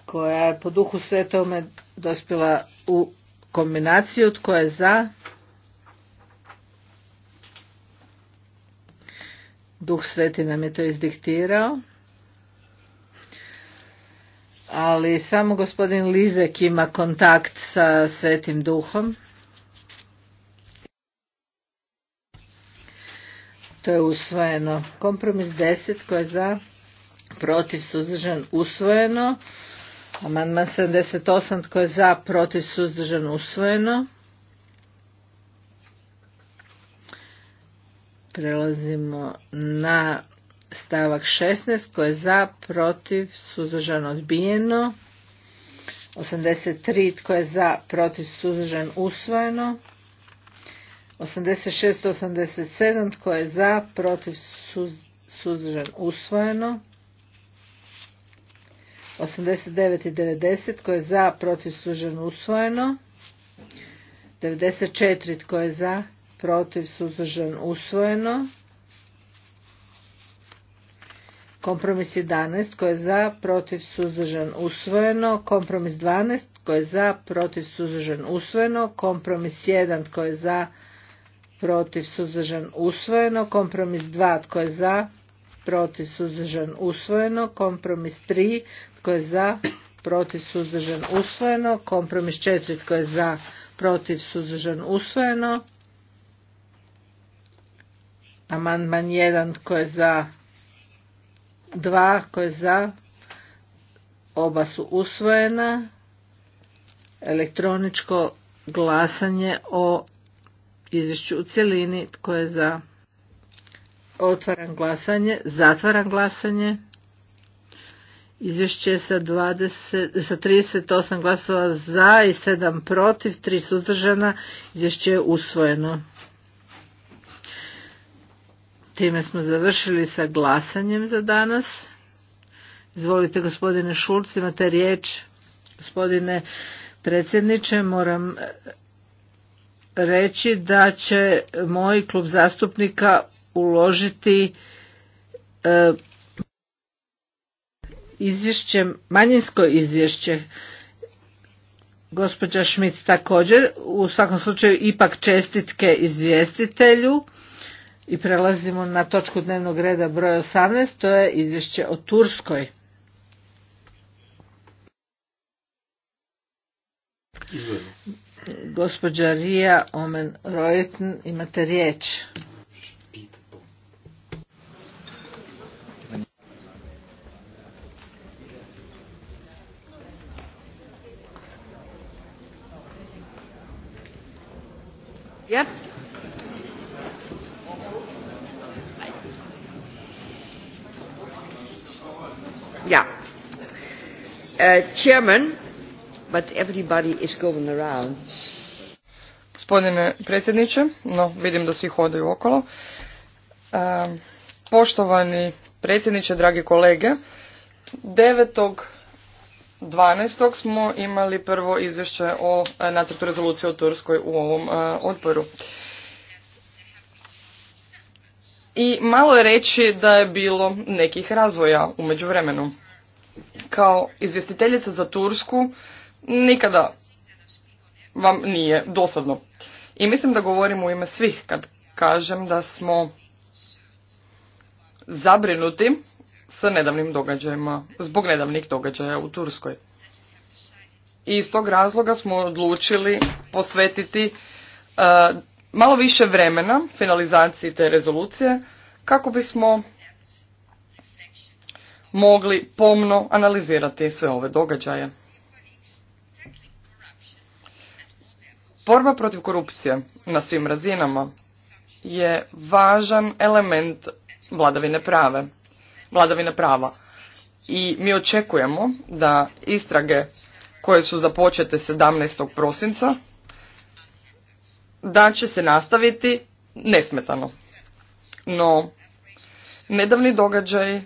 koja je po duhu tome dospjela u kombinaciju tko je za Duh Sveti nam je to izdiktirao. Ali samo gospodin Lizek ima kontakt sa Svetim Duhom. To je usvojeno. Kompromis 10 koji je za protiv suzdržan usvojeno. Amandman 78 tko je za protiv suzdržan usvojeno. Prelazimo na stavak 16 koje je za, protiv, suzdržan, odbijeno. 83 tko je za, protiv, suzdržan, usvojeno. 86 87 tko je za, protiv, suzdržan, usvojeno. 89 i 90 tko je za, protiv, suzdržan, usvojeno. 94 tko je za, protiv, suzdržan, usvojeno. Kompromis 11 koji je za, protiv, suzdržan, usvojeno. Kompromis 12 koji je za, protiv, suzdržan, usvojeno. Kompromis 1 koji je za, protiv, suzdržan, usvojeno. Kompromis 2 tko je za, protiv, suzdržan, usvojeno. Kompromis 3 tko je za, protiv, suzdržan, usvojeno. Kompromis 4 tko je za, protiv, suzdržan, usvojeno. Amandman 1 tko je za? 2 tko je za? Oba su usvojena. Elektroničko glasanje o izvješću u cjelini tko je za? Otvaram glasanje, zatvaram glasanje. Izvješće sa, 20, sa 38 glasova za i 7 protiv, 3 suzdržana. Izvješće je usvojeno. Time smo završili sa glasanjem za danas. Izvolite gospodine Šulc, imate riječ. Gospodine predsjedniče, moram eh, reći da će moj klub zastupnika uložiti eh, izvješće, manjinsko izvješće gospođa Šmit također, u svakom slučaju ipak čestitke izvjestitelju. I prelazimo na točku dnevnog reda broj 18, to je izvješće o Turskoj. Izvajno. Gospođa Rija Omen Rojten, imate riječ. Yep. Uh, Gospodine predsjedniče, no vidim da svi hodaju okolo. Uh, poštovani predsjedniče, dragi kolege, 9.12. smo imali prvo izvješće o uh, nacrtu rezolucije o Turskoj u ovom odporu. odboru. I malo je reći da je bilo nekih razvoja u međuvremenu kao izvjestiteljica za Tursku nikada vam nije dosadno. I mislim da govorim u ime svih kad kažem da smo zabrinuti sa nedavnim događajima, zbog nedavnih događaja u Turskoj. I iz tog razloga smo odlučili posvetiti e, malo više vremena finalizaciji te rezolucije kako bismo mogli pomno analizirati sve ove događaje. Borba protiv korupcije na svim razinama je važan element vladavine prave, vladavine prava. I mi očekujemo da istrage koje su započete 17. prosinca da će se nastaviti nesmetano. No, nedavni događaj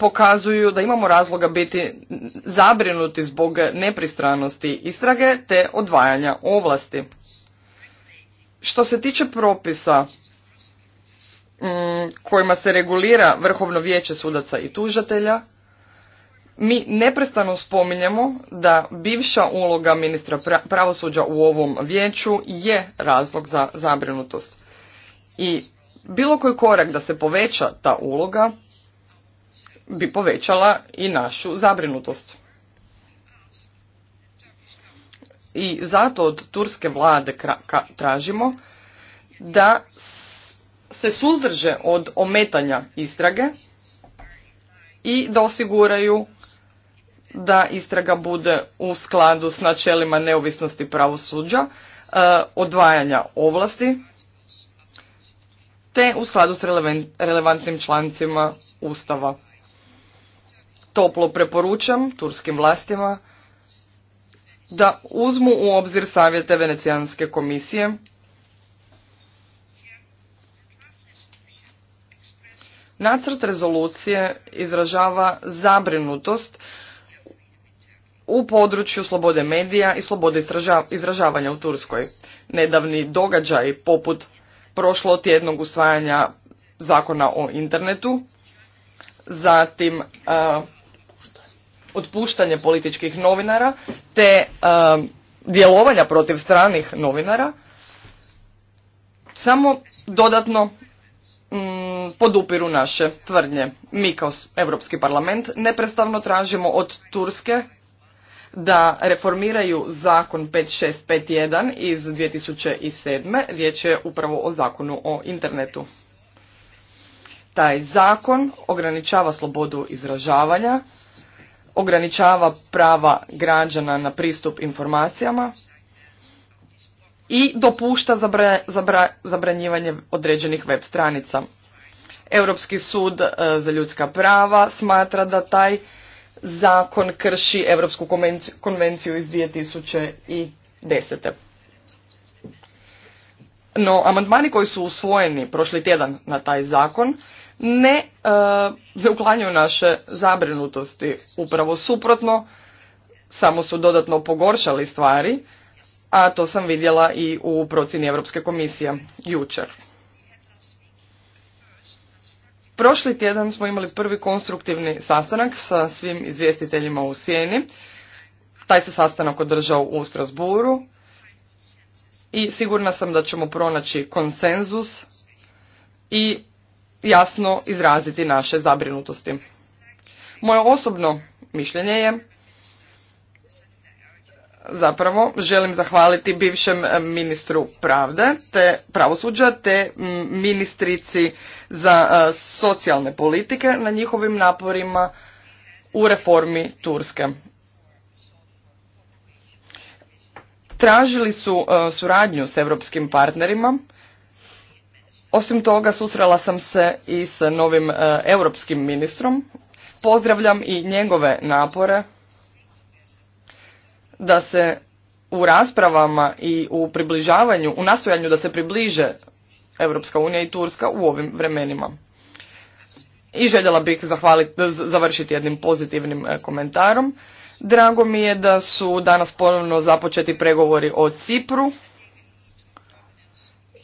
pokazuju da imamo razloga biti zabrinuti zbog nepristranosti istrage te odvajanja ovlasti. Što se tiče propisa mm, kojima se regulira Vrhovno vijeće sudaca i tužatelja, mi neprestano spominjemo da bivša uloga ministra pravosuđa u ovom vijeću je razlog za zabrinutost. I bilo koji korak da se poveća ta uloga bi povećala i našu zabrinutost. I zato od turske vlade tražimo da se suzdrže od ometanja istrage i da osiguraju da istraga bude u skladu s načelima neovisnosti pravosuđa, e, odvajanja ovlasti, te u skladu s relevantnim člancima Ustava toplo preporučam turskim vlastima da uzmu u obzir savjete Venecijanske komisije Nacrt rezolucije izražava zabrinutost u području slobode medija i slobode izražavanja u Turskoj. Nedavni događaj poput prošlo tjednog usvajanja zakona o internetu, zatim otpuštanje političkih novinara te um, djelovanja protiv stranih novinara samo dodatno mm, podupiru naše tvrdnje. Mi kao Europski parlament neprestavno tražimo od Turske da reformiraju zakon 5651 iz 2007. Riječ je upravo o zakonu o internetu. Taj zakon ograničava slobodu izražavanja, ograničava prava građana na pristup informacijama i dopušta zabranjivanje određenih web stranica. Europski sud e, za ljudska prava smatra da taj zakon krši Europsku konvenciju iz 2010. No, amandmani koji su usvojeni prošli tjedan na taj zakon ne, e, ne uklanjaju naše zabrinutosti. Upravo suprotno, samo su dodatno pogoršali stvari, a to sam vidjela i u procjeni Europske komisije jučer. Prošli tjedan smo imali prvi konstruktivni sastanak sa svim izvjestiteljima u Sjeni. Taj se sastanak održao u Strasburu i sigurna sam da ćemo pronaći konsenzus i jasno izraziti naše zabrinutosti. Moje osobno mišljenje je zapravo želim zahvaliti bivšem eh, ministru pravde te pravosuđa te mm, ministrici za eh, socijalne politike na njihovim naporima u reformi Turske. Tražili su eh, suradnju s europskim partnerima osim toga, susrela sam se i s novim e, europskim ministrom. Pozdravljam i njegove napore da se u raspravama i u približavanju, u nastojanju da se približe Europska unija i Turska u ovim vremenima. I željela bih završiti jednim pozitivnim e, komentarom. Drago mi je da su danas ponovno započeti pregovori o Cipru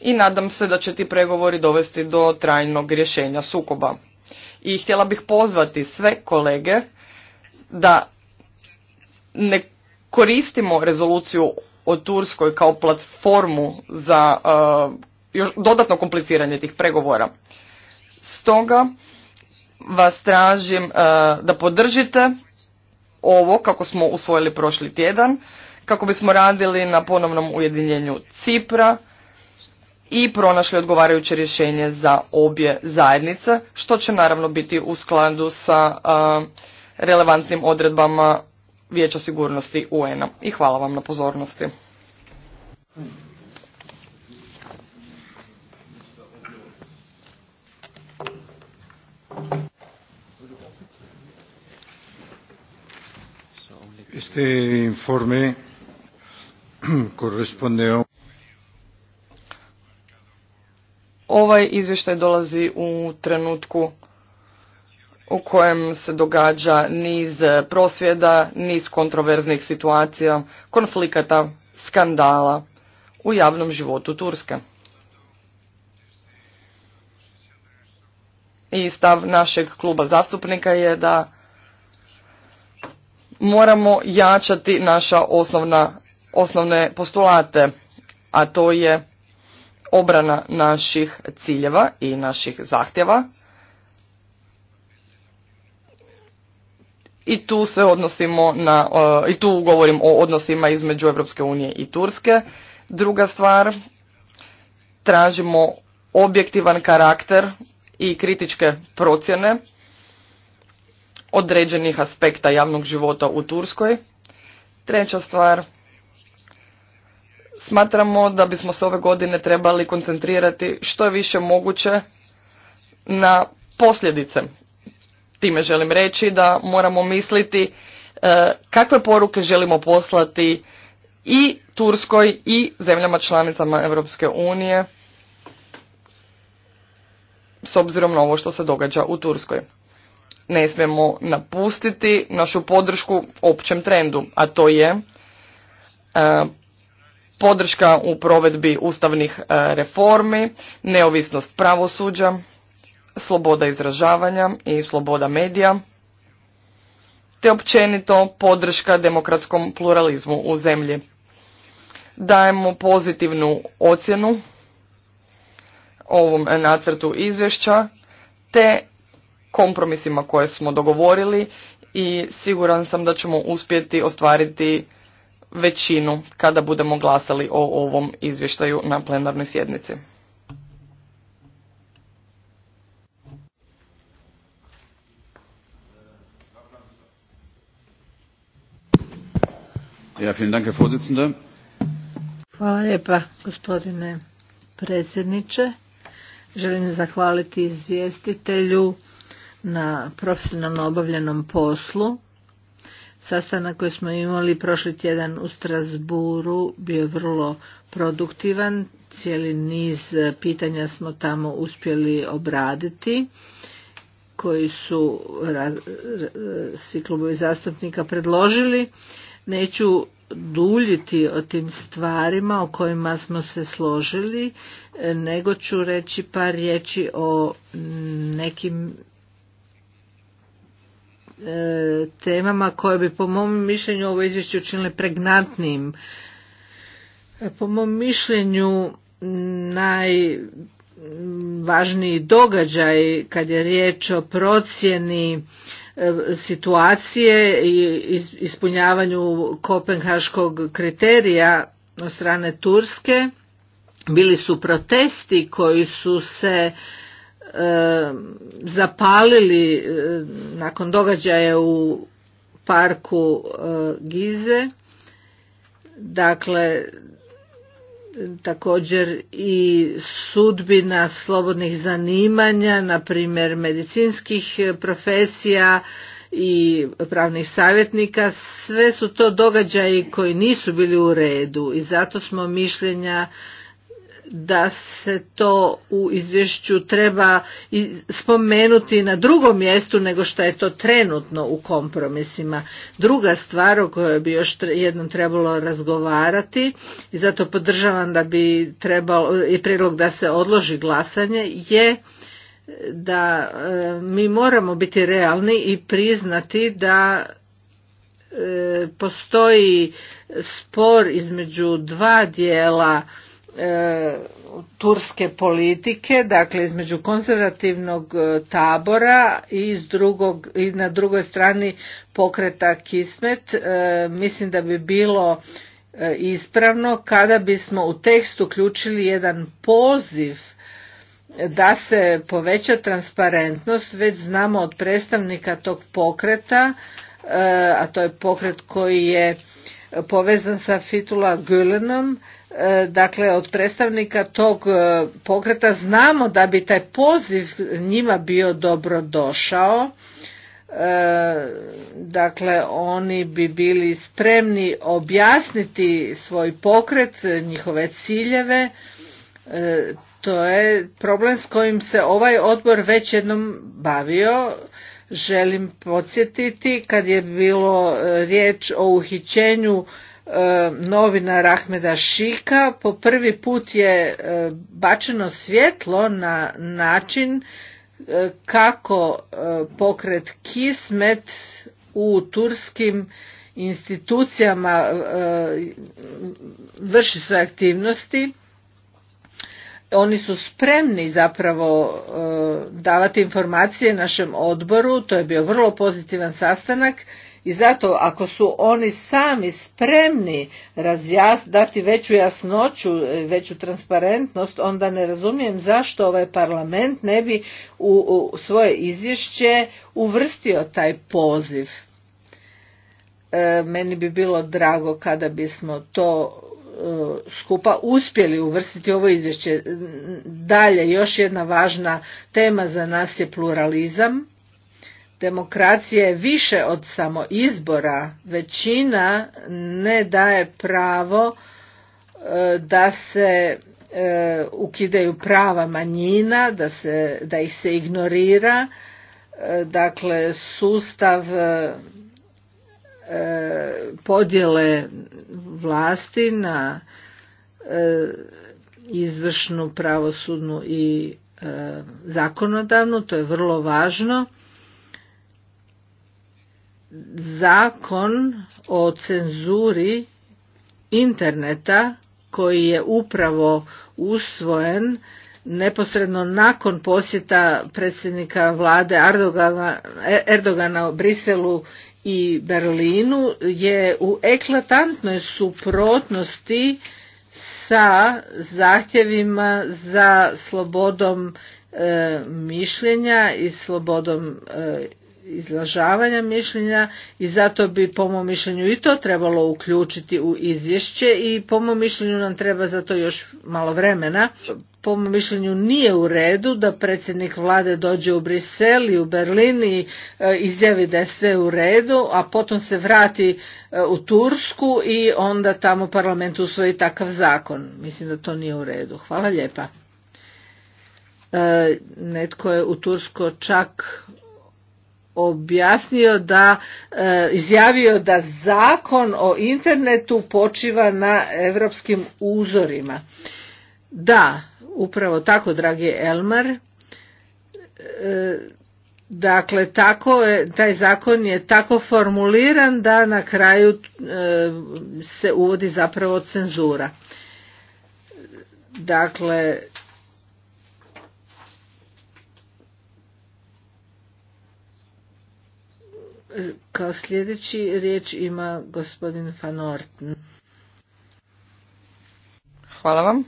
i nadam se da će ti pregovori dovesti do trajnog rješenja sukoba. I htjela bih pozvati sve kolege da ne koristimo rezoluciju o Turskoj kao platformu za e, još dodatno kompliciranje tih pregovora. Stoga vas tražim e, da podržite ovo kako smo usvojili prošli tjedan, kako bismo radili na ponovnom ujedinjenju Cipra, i pronašli odgovarajuće rješenje za obje zajednice, što će naravno biti u skladu sa relevantnim odredbama Vijeća sigurnosti UN-a. I hvala vam na pozornosti. Este informe corresponde a Ovaj izvještaj dolazi u trenutku u kojem se događa niz prosvjeda, niz kontroverznih situacija, konflikata, skandala u javnom životu Turske. I stav našeg kluba zastupnika je da moramo jačati naša osnovna, osnovne postulate, a to je obrana naših ciljeva i naših zahtjeva. I tu se odnosimo na, i tu govorim o odnosima između Europske unije i Turske. Druga stvar, tražimo objektivan karakter i kritičke procjene određenih aspekta javnog života u Turskoj. Treća stvar, Smatramo da bismo se ove godine trebali koncentrirati što je više moguće na posljedice. Time želim reći da moramo misliti e, kakve poruke želimo poslati i Turskoj i zemljama članicama Europske unije s obzirom na ovo što se događa u Turskoj. Ne smijemo napustiti našu podršku općem trendu, a to je e, podrška u provedbi ustavnih e, reformi, neovisnost pravosuđa, sloboda izražavanja i sloboda medija, te općenito podrška demokratskom pluralizmu u zemlji. Dajemo pozitivnu ocjenu ovom nacrtu izvješća te kompromisima koje smo dogovorili i siguran sam da ćemo uspjeti ostvariti većinu kada budemo glasali o ovom izvještaju na plenarnoj sjednici. Ja, vielen Dank, Herr Hvala lijepa gospodine predsjedniče. Želim zahvaliti izvjestitelju na profesionalno obavljenom poslu. Sastanak koji smo imali prošli tjedan u Strasburu bio je vrlo produktivan. Cijeli niz pitanja smo tamo uspjeli obraditi koji su svi klubovi zastupnika predložili. Neću duljiti o tim stvarima o kojima smo se složili, nego ću reći par riječi o nekim E, temama koje bi po mom mišljenju ovo izvješće učinile pregnantnijim. Po mom mišljenju najvažniji događaj kad je riječ o procjeni e, situacije i ispunjavanju kopenhaškog kriterija od strane Turske bili su protesti koji su se E, zapalili e, nakon događaja u parku e, Gize. Dakle, također i sudbina slobodnih zanimanja, na primjer medicinskih profesija i pravnih savjetnika, sve su to događaji koji nisu bili u redu i zato smo mišljenja da se to u izvješću treba spomenuti na drugom mjestu nego što je to trenutno u kompromisima. Druga stvar o kojoj bi još jednom trebalo razgovarati i zato podržavam da bi trebalo i prijedlog da se odloži glasanje je da e, mi moramo biti realni i priznati da e, postoji spor između dva dijela E, turske politike, dakle između konzervativnog e, tabora i, iz drugog, i na drugoj strani pokreta Kismet. E, mislim da bi bilo ispravno kada bismo u tekst uključili jedan poziv da se poveća transparentnost, već znamo od predstavnika tog pokreta, a to je pokret koji je povezan sa Fitula Gülenom, E, dakle od predstavnika tog e, pokreta znamo da bi taj poziv njima bio dobro došao e, dakle oni bi bili spremni objasniti svoj pokret, njihove ciljeve to je problem s kojim se ovaj odbor već jednom bavio želim podsjetiti kad je bilo riječ o uhićenju E, Novina Rahmeda Šika po prvi put je e, bačeno svjetlo na način e, kako pokret Kismet u turskim institucijama vrši sve aktivnosti oni su spremni zapravo davati informacije našem odboru to je bio vrlo pozitivan sastanak i zato ako su oni sami spremni dati veću jasnoću, e, veću transparentnost, onda ne razumijem zašto ovaj parlament ne bi u, svoje izvješće uvrstio taj poziv. E, meni bi bilo drago kada bismo to e, skupa uspjeli uvrstiti ovo izvješće. Dalje, još jedna važna tema za nas je pluralizam demokracije je više od samo izbora. Većina ne daje pravo e, da se e, ukidaju prava manjina, da, se, da ih se ignorira. E, dakle, sustav podjele vlasti na izvršnu, pravosudnu i zakonodavnu, to je vrlo važno zakon o cenzuri interneta koji je upravo usvojen neposredno nakon posjeta predsjednika vlade Erdogana u Briselu i Berlinu je u eklatantnoj suprotnosti sa zahtjevima za slobodom e, mišljenja i slobodom e, izlažavanja mišljenja i zato bi po mom mišljenju i to trebalo uključiti u izvješće i po mom mišljenju nam treba za to još malo vremena. Po mom mišljenju nije u redu da predsjednik vlade dođe u Brisel i u Berlin i e, izjavi da je sve u redu, a potom se vrati e, u Tursku i onda tamo parlament usvoji takav zakon. Mislim da to nije u redu. Hvala lijepa e, netko je u Tursko čak objasnio da e, izjavio da zakon o internetu počiva na europskim uzorima. Da, upravo tako dragi Elmar. E, dakle tako je, taj zakon je tako formuliran da na kraju e, se uvodi zapravo cenzura. Dakle Kao sljedeći riječ ima gospodin Van Orten. Hvala vam.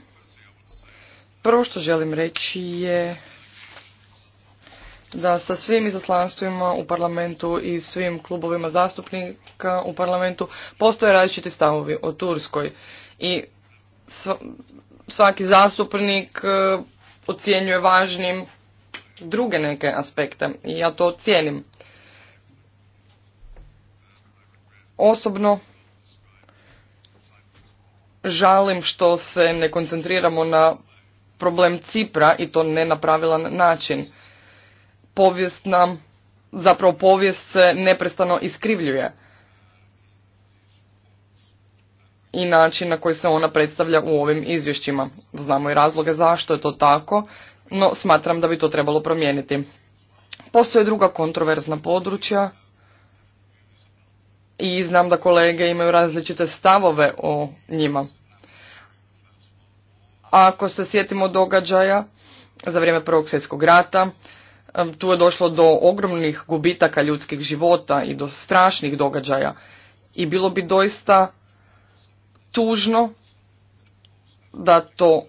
Prvo što želim reći je da sa svim izaslanstvima u parlamentu i svim klubovima zastupnika u parlamentu postoje različiti stavovi o Turskoj i svaki zastupnik e, ocjenjuje važnim druge neke aspekte i ja to ocjenim Osobno žalim što se ne koncentriramo na problem Cipra i to ne na pravilan način. Povijest nam, zapravo povijest se neprestano iskrivljuje i način na koji se ona predstavlja u ovim izvješćima. Znamo i razloge zašto je to tako, no smatram da bi to trebalo promijeniti. Postoje druga kontroverzna područja i znam da kolege imaju različite stavove o njima. Ako se sjetimo događaja za vrijeme Prvog svjetskog rata, tu je došlo do ogromnih gubitaka ljudskih života i do strašnih događaja i bilo bi doista tužno da to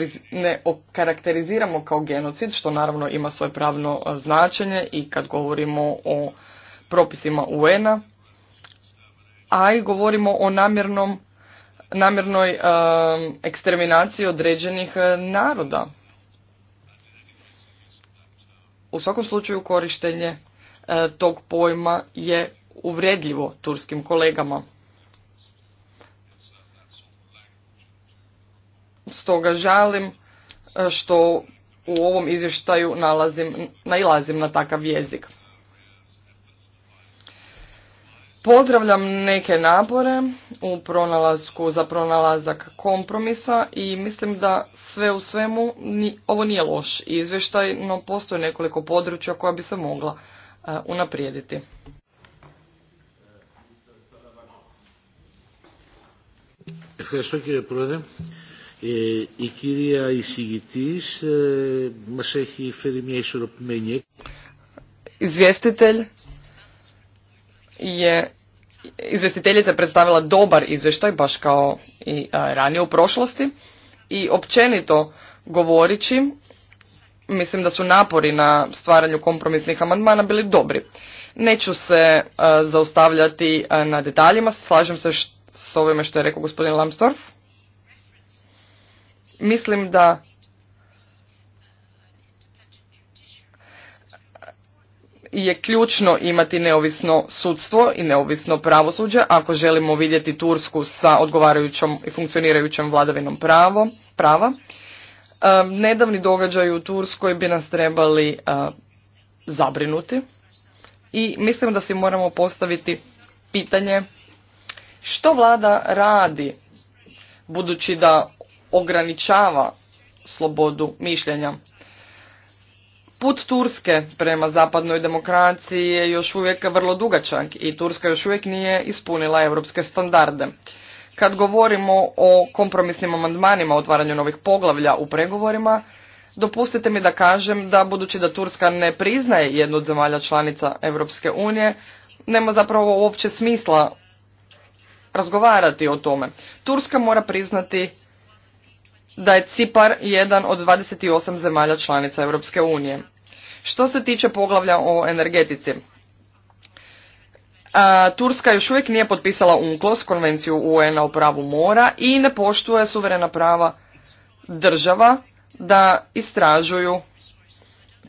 e, ne okarakteriziramo kao genocid, što naravno ima svoje pravno e, značenje i kad govorimo o propisima UN-a, a i govorimo o namjernom, namjernoj eksterminaciji određenih e, naroda. U svakom slučaju korištenje e, tog pojma je uvredljivo turskim kolegama. Stoga žalim e, što u ovom izvještaju nalazim, nailazim na takav jezik. Pozdravljam neke napore u pronalasku za pronalazak kompromisa i mislim da sve u svemu ni, ovo nije loš izvještaj, no postoje nekoliko područja koja bi se mogla e, unaprijediti. Ευχαριστώ je izvjestiteljica predstavila dobar izvještaj, baš kao i e, ranije u prošlosti. I općenito govoreći, mislim da su napori na stvaranju kompromisnih amandmana bili dobri. Neću se e, zaustavljati e, na detaljima, slažem se s ovime što je rekao gospodin Lamstorf. Mislim da je ključno imati neovisno sudstvo i neovisno pravosuđe ako želimo vidjeti Tursku sa odgovarajućom i funkcionirajućom vladavinom pravo, prava. E, nedavni događaj u Turskoj bi nas trebali e, zabrinuti i mislim da si moramo postaviti pitanje što vlada radi budući da ograničava slobodu mišljenja. Put Turske prema zapadnoj demokraciji je još uvijek vrlo dugačak i Turska još uvijek nije ispunila europske standarde. Kad govorimo o kompromisnim amandmanima, otvaranju novih poglavlja u pregovorima, dopustite mi da kažem da budući da Turska ne priznaje jednu od zemalja članica Europske unije, nema zapravo uopće smisla razgovarati o tome. Turska mora priznati da je Cipar jedan od 28 zemalja članica Europske unije. Što se tiče poglavlja o energetici, Turska još uvijek nije potpisala UNCLOS, konvenciju un o pravu mora i ne poštuje suverena prava država da istražuju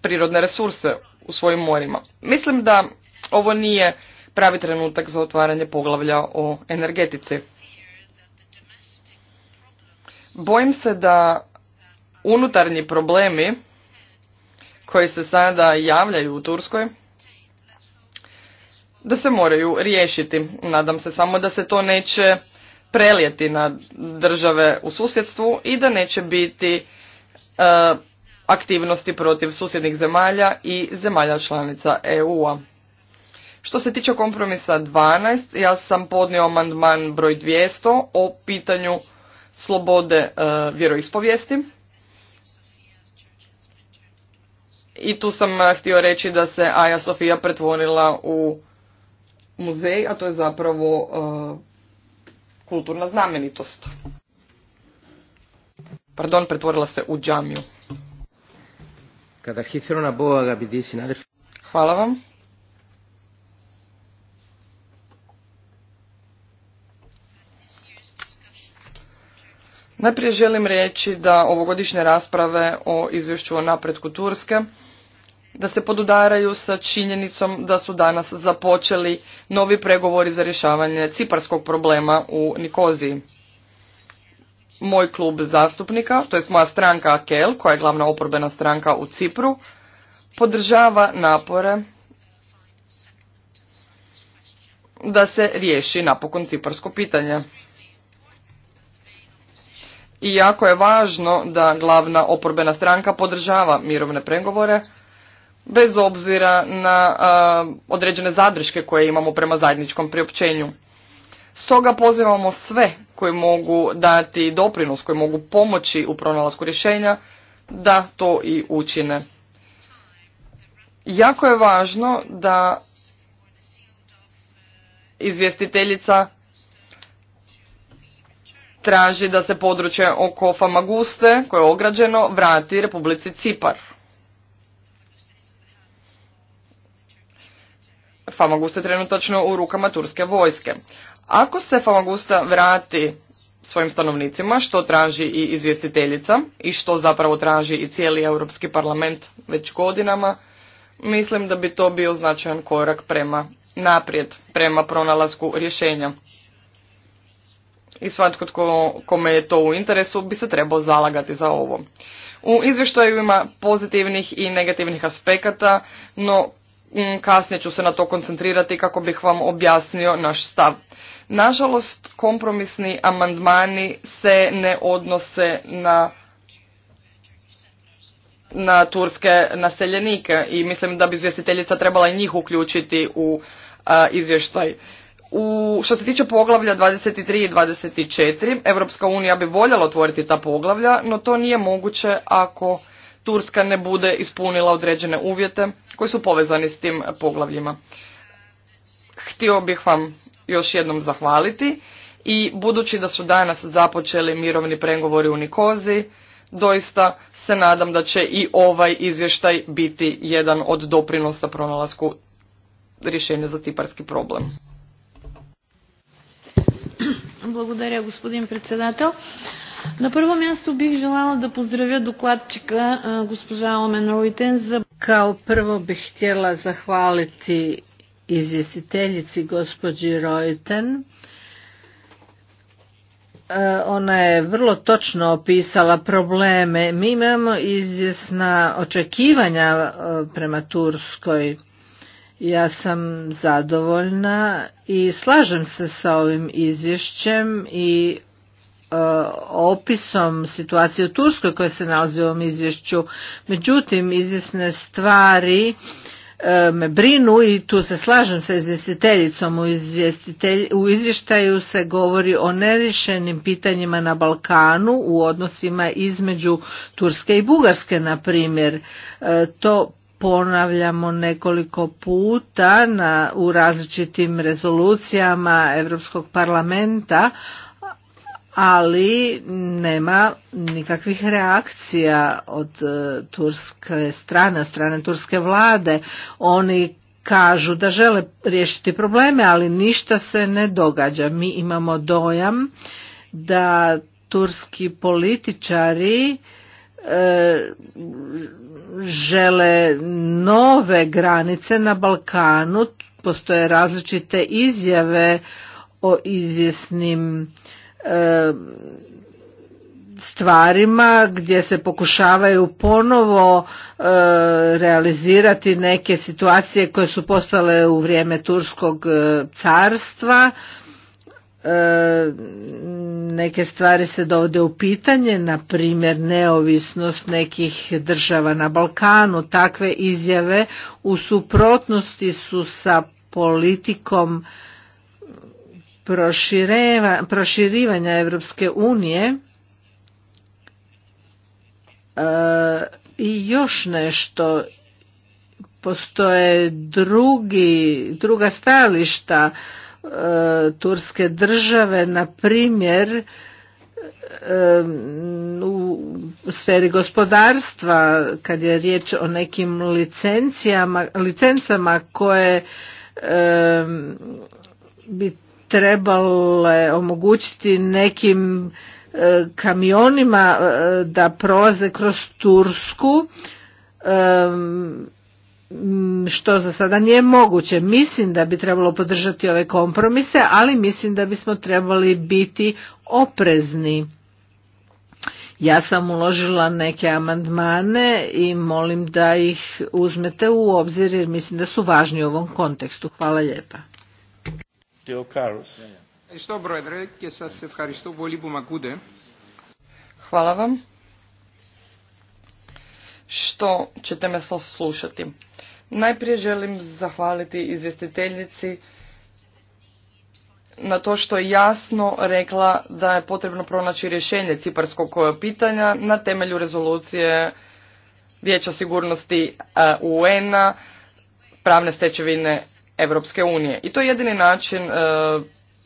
prirodne resurse u svojim morima. Mislim da ovo nije pravi trenutak za otvaranje poglavlja o energetici. Bojim se da unutarnji problemi koji se sada javljaju u Turskoj, da se moraju riješiti. Nadam se samo da se to neće prelijeti na države u susjedstvu i da neće biti e, aktivnosti protiv susjednih zemalja i zemalja članica EU-a. Što se tiče kompromisa 12, ja sam podnio amandman broj 200 o pitanju slobode e, vjeroispovijesti. I tu sam e, htio reći da se Aja Sofija pretvorila u muzej, a to je zapravo e, kulturna znamenitost. Pardon, pretvorila se u džamiju. Hvala vam. Najprije želim reći da ovogodišnje rasprave o izvješću o napretku Turske da se podudaraju sa činjenicom da su danas započeli novi pregovori za rješavanje ciparskog problema u Nikoziji. Moj klub zastupnika, to jest moja stranka AKEL, koja je glavna oporbena stranka u Cipru, podržava napore da se riješi napokon ciparsko pitanje i jako je važno da glavna oporbena stranka podržava mirovne pregovore bez obzira na određene zadrške koje imamo prema zajedničkom priopćenju. Stoga pozivamo sve koji mogu dati doprinos, koji mogu pomoći u pronalasku rješenja da to i učine. Jako je važno da izvjestiteljica traži da se područje oko Famaguste, koje je ograđeno, vrati Republici Cipar. Famaguste trenutačno u rukama turske vojske. Ako se Famagusta vrati svojim stanovnicima, što traži i izvjestiteljica i što zapravo traži i cijeli Europski parlament već godinama, mislim da bi to bio značajan korak prema naprijed, prema pronalasku rješenja i svatko tko, kome je to u interesu bi se trebao zalagati za ovo. U izvještaju ima pozitivnih i negativnih aspekata, no mm, kasnije ću se na to koncentrirati kako bih vam objasnio naš stav. Nažalost, kompromisni amandmani se ne odnose na na turske naseljenike i mislim da bi izvjestiteljica trebala njih uključiti u izvještaj. U, što se tiče poglavlja 23 i 24, Europska unija bi voljela otvoriti ta poglavlja, no to nije moguće ako Turska ne bude ispunila određene uvjete koji su povezani s tim poglavljima. Htio bih vam još jednom zahvaliti i budući da su danas započeli mirovni pregovori u Nikozi, doista se nadam da će i ovaj izvještaj biti jedan od doprinosa pronalasku rješenja za tiparski problem. Благодаря, господин председател. На първо място бих желала да поздравя докладчика госпожа Omen Ройтен Kao prvo bih htjela zahvaliti izvjestiteljici gospođi Reuten. Ona je vrlo točno opisala probleme. Mi imamo izvjesna očekivanja prema Turskoj ja sam zadovoljna i slažem se sa ovim izvješćem i e, opisom situacije u Turskoj koja se nalazi u ovom izvješću. Međutim, izvjesne stvari e, me brinu i tu se slažem sa izvjestiteljicom. U, izvještaju se govori o nerišenim pitanjima na Balkanu u odnosima između Turske i Bugarske, na primjer. E, to ponavljamo nekoliko puta na, u različitim rezolucijama Europskog parlamenta, ali nema nikakvih reakcija od e, turske strane, od strane turske vlade. Oni kažu da žele riješiti probleme, ali ništa se ne događa. Mi imamo dojam da turski političari e, žele nove granice na Balkanu, postoje različite izjave o izvjesnim e, stvarima gdje se pokušavaju ponovo e, realizirati neke situacije koje su postale u vrijeme turskog e, carstva E, neke stvari se dovode u pitanje, na primjer neovisnost nekih država na Balkanu. Takve izjave u suprotnosti su sa politikom proširivanja Europske unije. E, I još nešto, postoje drugi, druga stajališta E, turske države na primjer e, u sferi gospodarstva kad je riječ o nekim licencijama, licencama koje e, bi trebale omogućiti nekim kamionima da prolaze kroz Tursku što za sada nije moguće. Mislim da bi trebalo podržati ove kompromise, ali mislim da bismo trebali biti oprezni. Ja sam uložila neke amandmane i molim da ih uzmete u obzir jer mislim da su važni u ovom kontekstu. Hvala lijepa. Hvala vam što ćete me slušati. Najprije želim zahvaliti izvjestiteljici na to što je jasno rekla da je potrebno pronaći rješenje ciparskog pitanja na temelju rezolucije Vijeća sigurnosti e, UN-a, pravne stečevine Europske unije. I to je jedini način e,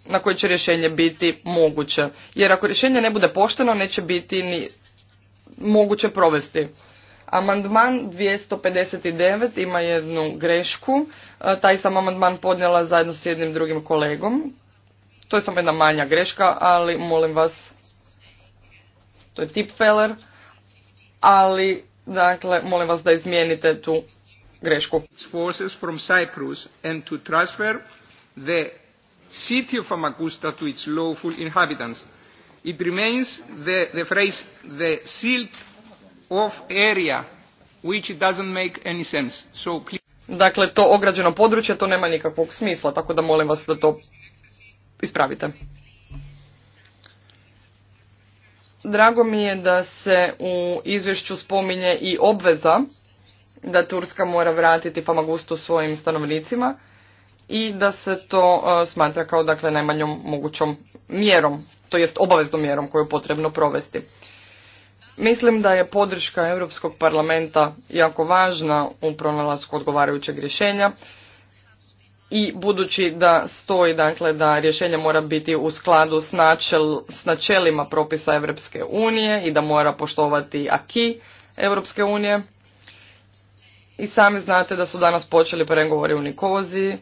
na koji će rješenje biti moguće. Jer ako rješenje ne bude pošteno, neće biti ni moguće provesti. Amandman 259 ima jednu grešku. E, taj sam amandman podnijela zajedno s jednim drugim kolegom. To je samo jedna manja greška, ali molim vas, to je tipfeller, ali dakle, molim vas da izmijenite tu grešku. Forces from Cyprus and to transfer the city of to its lawful inhabitants. It remains the, the phrase the of area which doesn't make any sense. Dakle, to ograđeno područje, to nema nikakvog smisla, tako da molim vas da to ispravite. Drago mi je da se u izvješću spominje i obveza da Turska mora vratiti Famagustu svojim stanovnicima i da se to e, smatra kao dakle najmanjom mogućom mjerom, to jest obaveznom mjerom koju je potrebno provesti. Mislim da je podrška Europskog parlamenta jako važna u pronalasku odgovarajućeg rješenja i budući da stoji dakle da rješenje mora biti u skladu s, načelima propisa Europske unije i da mora poštovati aki Europske unije. I sami znate da su danas počeli pregovori u Nikoziji,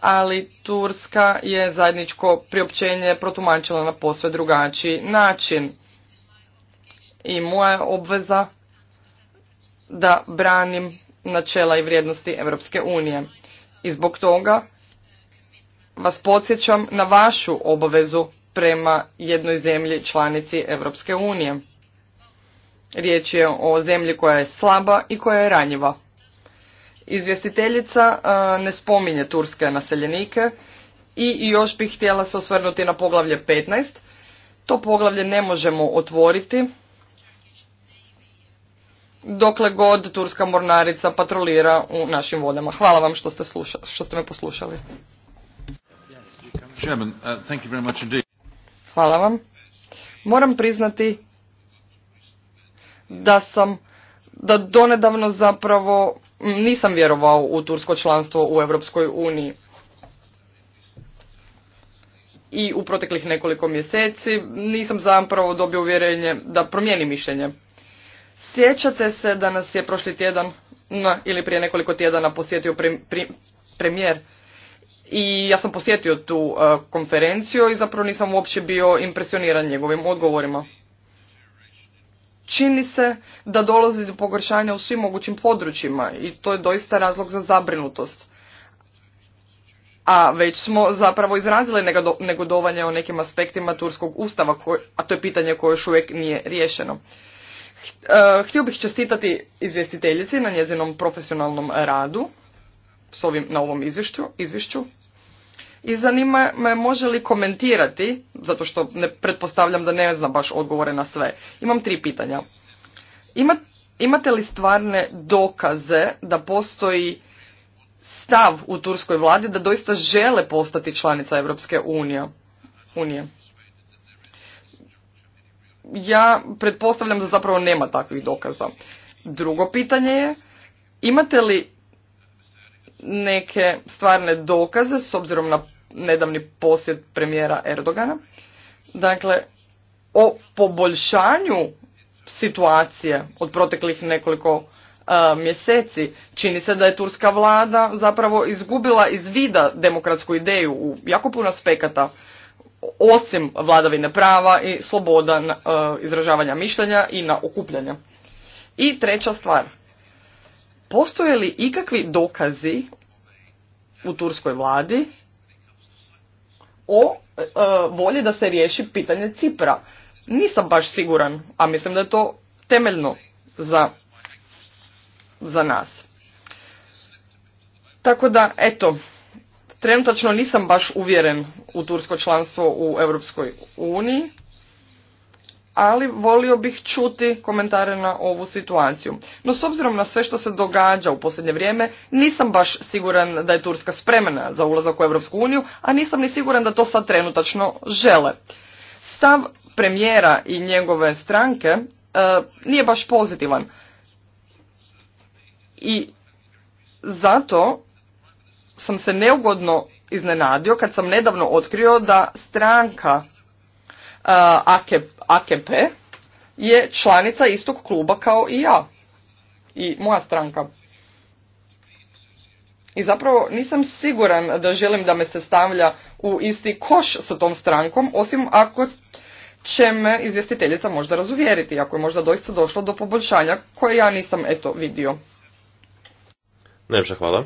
ali Turska je zajedničko priopćenje protumačila na posve drugačiji način i moja je obveza da branim načela i vrijednosti Europske unije. I zbog toga vas podsjećam na vašu obavezu prema jednoj zemlji članici Europske unije. Riječ je o zemlji koja je slaba i koja je ranjiva. Izvjestiteljica e, ne spominje turske naseljenike i još bih htjela se osvrnuti na poglavlje 15. To poglavlje ne možemo otvoriti dokle god turska mornarica patrolira u našim vodama. Hvala vam što ste, što ste me poslušali. Uh, Hvala vam. Moram priznati da sam, da donedavno zapravo nisam vjerovao u tursko članstvo u Europskoj uniji. I u proteklih nekoliko mjeseci nisam zapravo dobio uvjerenje da promijeni mišljenje. Sjećate se da nas je prošli tjedan na, ili prije nekoliko tjedana posjetio premijer i ja sam posjetio tu uh, konferenciju i zapravo nisam uopće bio impresioniran njegovim odgovorima. Čini se da dolazi do pogoršanja u svim mogućim područjima i to je doista razlog za zabrinutost. A već smo zapravo izrazili negodovanje o nekim aspektima Turskog ustava, a to je pitanje koje još uvijek nije riješeno. Eh, htio bih čestitati izvjestiteljici na njezinom profesionalnom radu s ovim, na ovom izvješću, I zanima me može li komentirati, zato što ne pretpostavljam da ne zna baš odgovore na sve. Imam tri pitanja. imate li stvarne dokaze da postoji stav u turskoj vladi da doista žele postati članica Europske unije ja pretpostavljam da zapravo nema takvih dokaza. Drugo pitanje je, imate li neke stvarne dokaze s obzirom na nedavni posjet premijera Erdogana, dakle, o poboljšanju situacije od proteklih nekoliko e, mjeseci. Čini se da je turska vlada zapravo izgubila iz vida demokratsku ideju u jako puno aspekata osim vladavine prava i sloboda na, e, izražavanja mišljenja i na okupljanja. I treća stvar, postoje li ikakvi dokazi u turskoj vladi o e, e, volji da se riješi pitanje Cipra? Nisam baš siguran, a mislim da je to temeljno za, za nas. Tako da, eto, Trenutačno nisam baš uvjeren u tursko članstvo u Europskoj uniji, ali volio bih čuti komentare na ovu situaciju. No s obzirom na sve što se događa u posljednje vrijeme, nisam baš siguran da je Turska spremna za ulazak u Europsku uniju, a nisam ni siguran da to sad trenutačno žele. Stav premijera i njegove stranke e, nije baš pozitivan. I zato sam se neugodno iznenadio kad sam nedavno otkrio da stranka AKP je članica istog kluba kao i ja i moja stranka. I zapravo nisam siguran da želim da me se stavlja u isti koš sa tom strankom, osim ako će me izvjestiteljica možda razuvjeriti, ako je možda doista došlo do poboljšanja koje ja nisam eto vidio. Najljepša hvala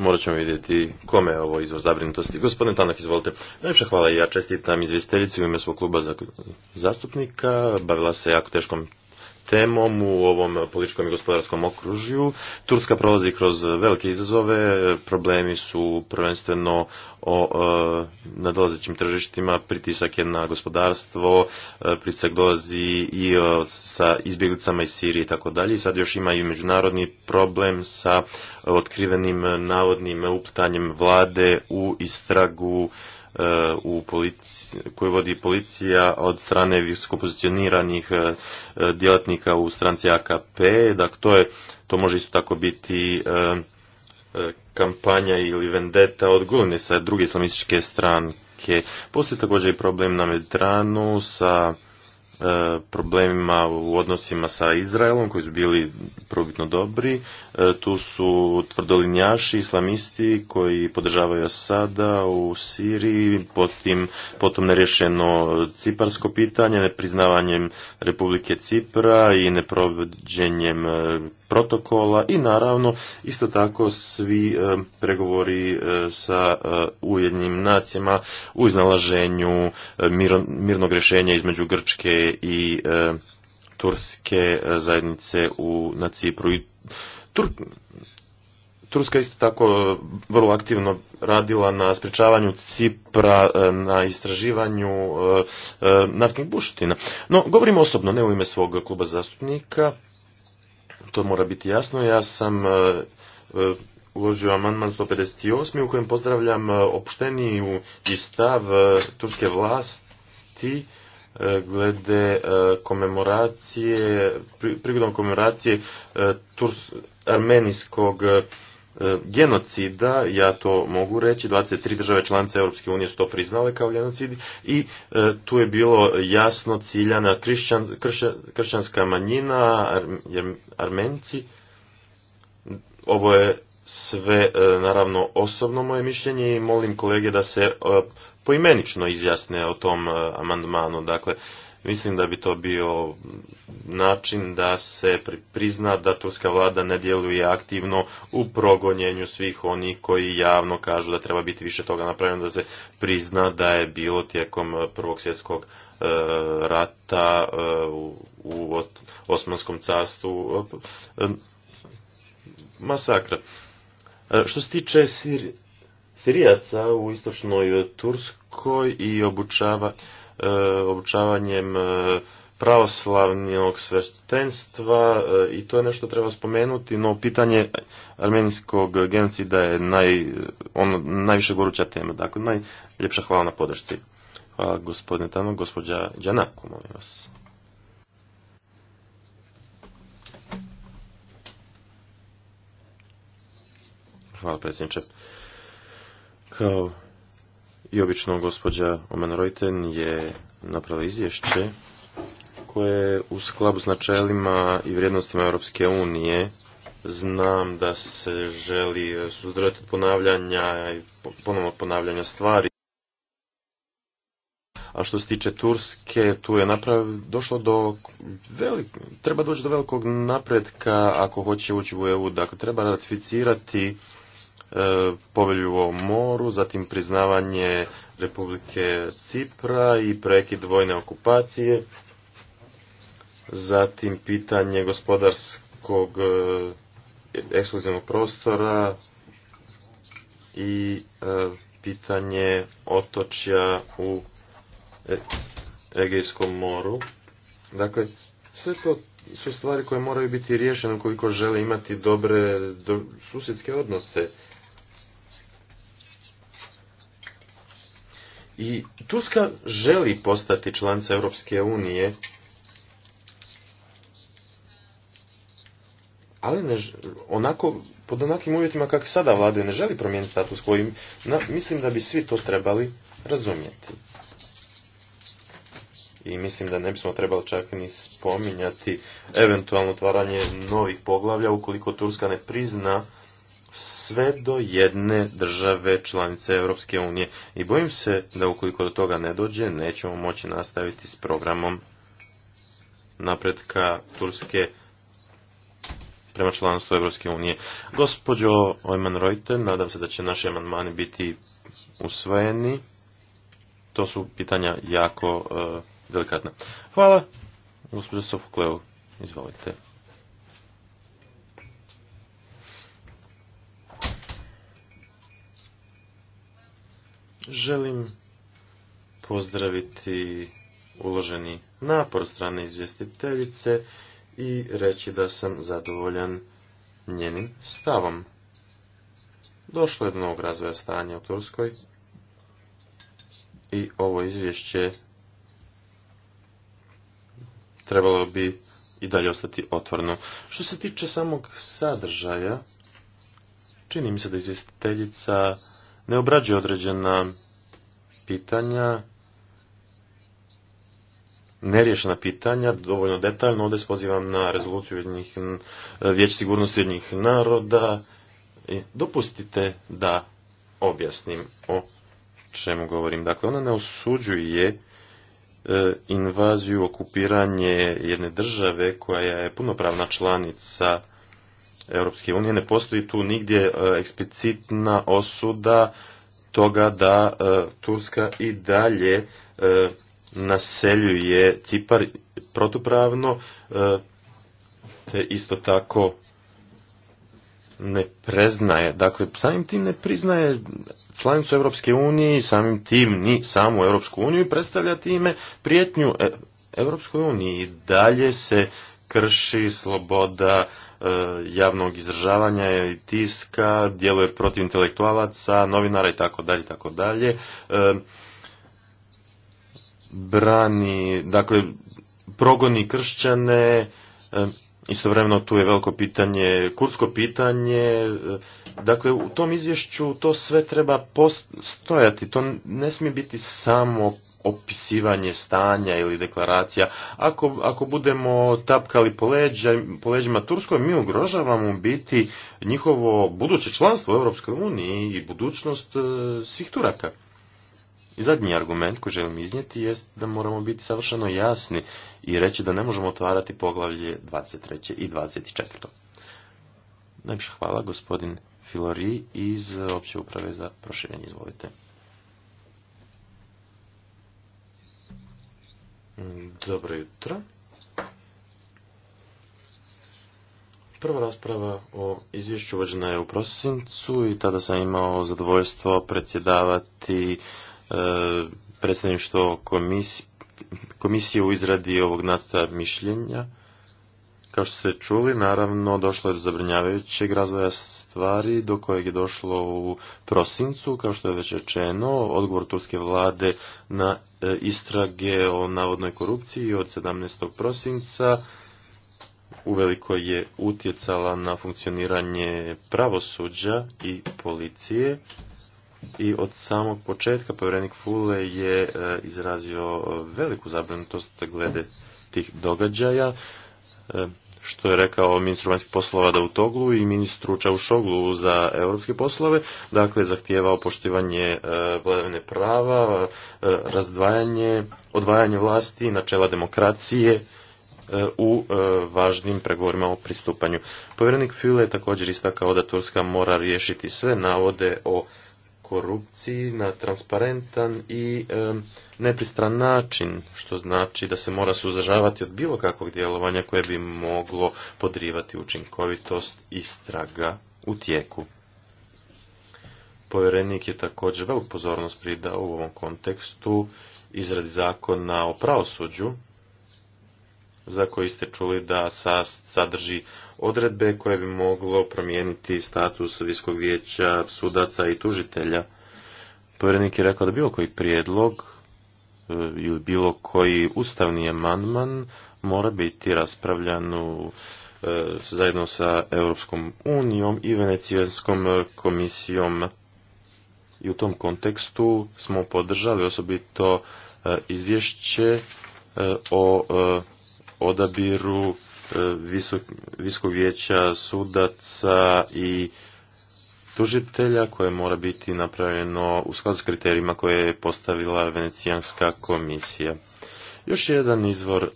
morat ćemo vidjeti kome je ovo izvor zabrinutosti. Gospodin Tanak, izvolite. Najviše hvala i ja čestitam izvjestiteljici u ime svog kluba zastupnika. Bavila se jako teškom temom u ovom političkom i gospodarskom okružju. Turska prolazi kroz velike izazove, problemi su prvenstveno o e, nadolazećim tržištima, pritisak je na gospodarstvo, e, pritisak dolazi i e, sa izbjeglicama iz Sirije i tako dalje. sad još ima i međunarodni problem sa otkrivenim navodnim uplitanjem vlade u istragu E, u koje vodi policija od strane viskopozicioniranih e, e, djelatnika u stranci AKP. Dakle, to, je, to može isto tako biti kampanja ili vendeta od Gulene sa druge islamističke stranke. Postoji također i problem na Mediteranu sa E, problemima u odnosima sa Izraelom koji su bili probitno dobri. E, tu su tvrdolinjaši, islamisti koji podržavaju sada u Siriji, potim, potom nerješeno ciparsko pitanje, nepriznavanjem Republike Cipra i neprovođenjem e, protokola i naravno isto tako svi pregovori sa ujednim nacijama u iznalaženju mirnog rješenja između Grčke i e, Turske e, zajednice u, na Cipru. I Tur, Turska isto tako e, vrlo aktivno radila na sprečavanju Cipra, na istraživanju e, naftnih buština. No, govorim osobno, ne u ime svog kluba zastupnika, to mora biti jasno. Ja sam uložio amandman 158. u kojem pozdravljam opušteniju i stav turske vlasti E, glede e, komemoracije, prigodom komemoracije e, armenijskog genocida, ja to mogu reći, 23 države članice Europske unije su to priznale kao genocidi i tu je bilo jasno ciljana kršćanska manjina, armenci, ovo je sve naravno osobno moje mišljenje i molim kolege da se imenično izjasne o tom e, amandmanu. Dakle, mislim da bi to bio način da se prizna da turska vlada ne djeluje aktivno u progonjenju svih onih koji javno kažu da treba biti više toga napravljeno, da se prizna da je bilo tijekom Prvog svjetskog e, rata e, u Osmanskom carstvu masakra. Što se tiče Sirijaca u istočnoj Turskoj, koji i obučava, e, obučavanjem e, pravoslavnog sveštenstva e, i to je nešto treba spomenuti, no pitanje armenijskog genocida je naj, ono, najviše goruća tema. Dakle, najljepša hvala na podršci. Hvala gospodine Tano, gospođa Đanaku, molim vas. Hvala predsjedniče. Kao i obično gospođa Omen Reuten je napravila izvješće koje u skladu s načelima i vrijednostima Europske unije znam da se želi suzdržati od ponavljanja i ponovno ponavljanja stvari. A što se tiče Turske, tu je naprav... došlo do velik... treba doći do velikog napretka ako hoće ući u EU. Dakle, treba ratificirati E, povelju o moru, zatim priznavanje Republike Cipra i prekid vojne okupacije, zatim pitanje gospodarskog e, ekskluzivnog prostora i e, pitanje otočja u Egejskom moru. Dakle, sve to su stvari koje moraju biti riješene koliko žele imati dobre susjedske odnose. I Turska želi postati članica Europske unije, ali onako, pod onakim uvjetima kak sada vladaju, ne želi promijeniti status koji, mislim da bi svi to trebali razumjeti. I mislim da ne bismo trebali čak ni spominjati eventualno otvaranje novih poglavlja ukoliko Turska ne prizna sve do jedne države članice Europske unije. I bojim se da ukoliko do toga ne dođe, nećemo moći nastaviti s programom napretka Turske prema članstvu Europske unije. Gospođo Ojman Rojte, nadam se da će naši amandmani biti usvojeni. To su pitanja jako e, delikatna. Hvala. Gospođo Sofokleo, izvolite. Želim pozdraviti uloženi napor strane izvjestiteljice i reći da sam zadovoljan njenim stavom. Došlo je do novog razvoja stanja u Turskoj i ovo izvješće trebalo bi i dalje ostati otvorno. Što se tiče samog sadržaja, čini mi se da izvjestiteljica ne obrađuje određena pitanja, neriješena pitanja, dovoljno detaljno. Ovdje se pozivam na rezoluciju eh, Vijeća sigurnosti jednih naroda. Dopustite da objasnim o čemu govorim. Dakle, ona ne osuđuje eh, invaziju, okupiranje jedne države koja je punopravna članica Europske unije ne postoji tu nigdje e, eksplicitna osuda toga da e, Turska i dalje e, naseljuje Cipar protupravno te isto tako ne preznaje, dakle samim tim ne priznaje članicu Europske unije i samim tim ni samu Europsku uniju i predstavlja time prijetnju Europskoj uniji i dalje se krši sloboda e, javnog izražavanja i tiska, djeluje protiv intelektualaca, novinara i tako dalje, tako dalje. E, brani, dakle, progoni kršćane, e, istovremeno tu je veliko pitanje, kursko pitanje, Dakle, u tom izvješću to sve treba postojati, to ne smije biti samo opisivanje stanja ili deklaracija. Ako, ako budemo tapkali po, leđa, po leđima Turskoj, mi ugrožavamo biti njihovo buduće članstvo u Europskoj uniji i budućnost e, svih Turaka. I zadnji argument koji želim iznijeti jest da moramo biti savršeno jasni i reći da ne možemo otvarati poglavlje 23. i 24. Najviše hvala, gospodin Filori iz Opće uprave za proširenje. Izvolite. Dobro jutro. Prva rasprava o izvješću vođena je u prosincu i tada sam imao zadovoljstvo predsjedavati e, predsjedništvo komisije, u izradi ovog nacrta mišljenja kao što ste čuli, naravno došlo je do zabrinjavajućeg razvoja stvari do kojeg je došlo u prosincu, kao što je već rečeno, odgovor turske vlade na e, istrage o navodnoj korupciji od 17. prosinca uveliko je utjecala na funkcioniranje pravosuđa i policije i od samog početka povjerenik Fule je e, izrazio veliku zabrinutost glede tih događaja. E, što je rekao ministru vanjskih poslova da u Toglu i ministru Čaušoglu za europske poslove, dakle zahtijevao poštivanje e, vladavine prava, e, razdvajanje, odvajanje vlasti, načela demokracije u važnim pregovorima o pristupanju. Povjerenik File je također istakao da Turska mora riješiti sve navode o korupciji na transparentan i e, nepristran način, što znači da se mora suzdržavati od bilo kakvog djelovanja koje bi moglo podrivati učinkovitost istraga u tijeku. Povjerenik je također veliku pozornost pridao u ovom kontekstu izradi zakona o pravosuđu, za koji ste čuli da sadrži odredbe koje bi moglo promijeniti status Viskog vijeća sudaca i tužitelja. Povjerenik je rekao da bilo koji prijedlog e, ili bilo koji ustavni amandman mora biti raspravljan u e, zajedno sa Europskom unijom i Venecijanskom e, komisijom. I u tom kontekstu smo podržali osobito izvješće o odabiru visok, vijeća sudaca i tužitelja koje mora biti napravljeno u skladu s kriterijima koje je postavila Venecijanska komisija. Još jedan izvor,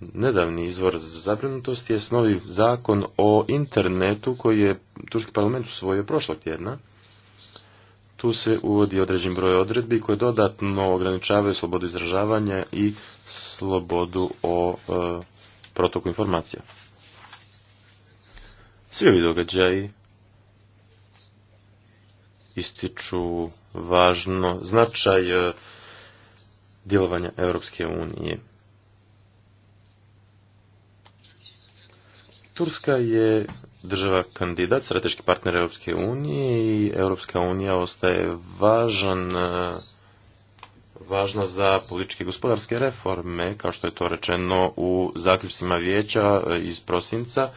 nedavni izvor za zabrinutosti je novi zakon o internetu koji je Turski parlament usvojio prošlog tjedna. Tu se uvodi određen broj odredbi koje dodatno ograničavaju slobodu izražavanja i slobodu o e, protoku informacija. Svi ovi događaji ističu važno značaj e, djelovanja Europske unije. Turska je država kandidat, strateški partner Europske unije i Europska unija ostaje važan e, važna za političke i gospodarske reforme, kao što je to rečeno u zaključcima vijeća eh, iz prosinca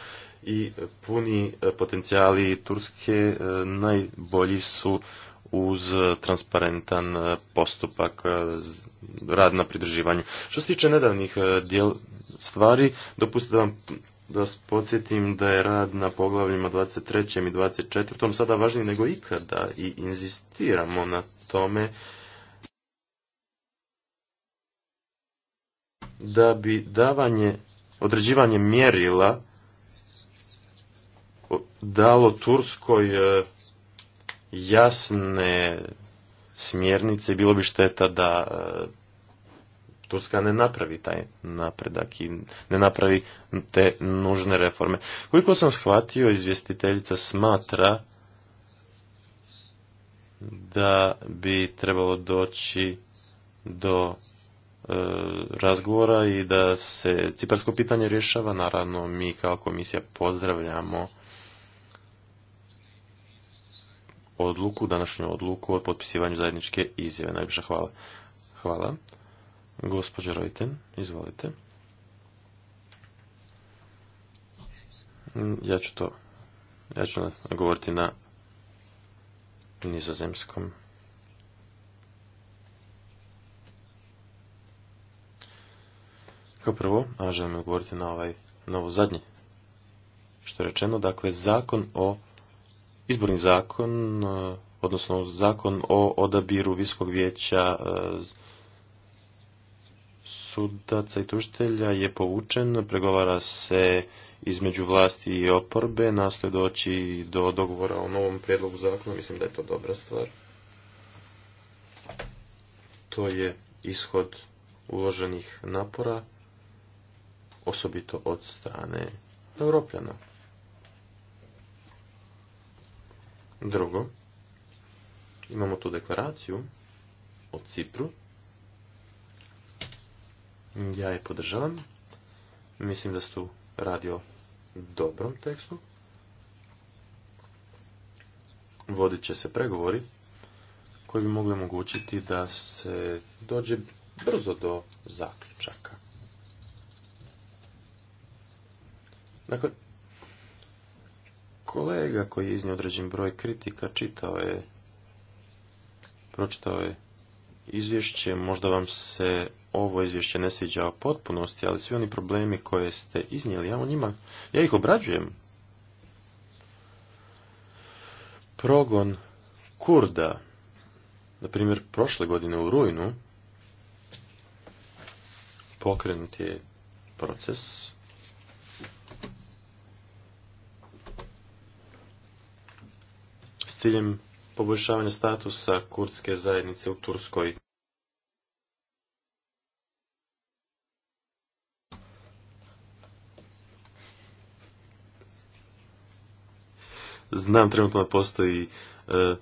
i eh, puni eh, potencijali Turske najbolji su uz transparentan postupak rad na pridruživanju. Što se tiče nedavnih stvari, dopustite da vam da podsjetim da je rad na poglavljima 23. i 24. sada važniji nego ikada i inzistiramo na tome da bi davanje, određivanje mjerila dalo Turskoj e, jasne smjernice i bilo bi šteta da e, Turska ne napravi taj napredak i ne napravi te nužne reforme. Koliko sam shvatio, izvjestiteljica smatra da bi trebalo doći do E, razgovora i da se ciparsko pitanje rješava. Naravno, mi kao komisija pozdravljamo odluku, današnju odluku o potpisivanju zajedničke izjave. Najviše hvala. Hvala. Gospođa Rojten, izvolite. Mm, ja ću to, ja ću govoriti na nizozemskom. Kao prvo, želim govoriti na ovaj novo zadnje što je rečeno, dakle zakon o izborni zakon, e, odnosno zakon o odabiru viskog vijeća e, sudaca i tuštelja je povučen, pregovara se između vlasti i oporbe, nastoje doći do dogovora o novom prijedlogu zakona, mislim da je to dobra stvar. To je ishod uloženih napora osobito od strane Europljana. Drugo, imamo tu deklaraciju o Cipru. Ja je podržavam. Mislim da se tu radi o dobrom tekstu. Vodit će se pregovori koji bi mogli omogućiti da se dođe brzo do zaključaka. Dakle, kolega koji je iznio određen broj kritika čitao je, pročitao je izvješće, možda vam se ovo izvješće ne sviđa u potpunosti, ali svi oni problemi koje ste iznijeli, ja o njima, ja ih obrađujem. Progon Kurda, na primjer, prošle godine u Rujnu, pokrenut je proces ciljem poboljšavanja statusa kurdske zajednice u Turskoj. Znam trenutno postoji e,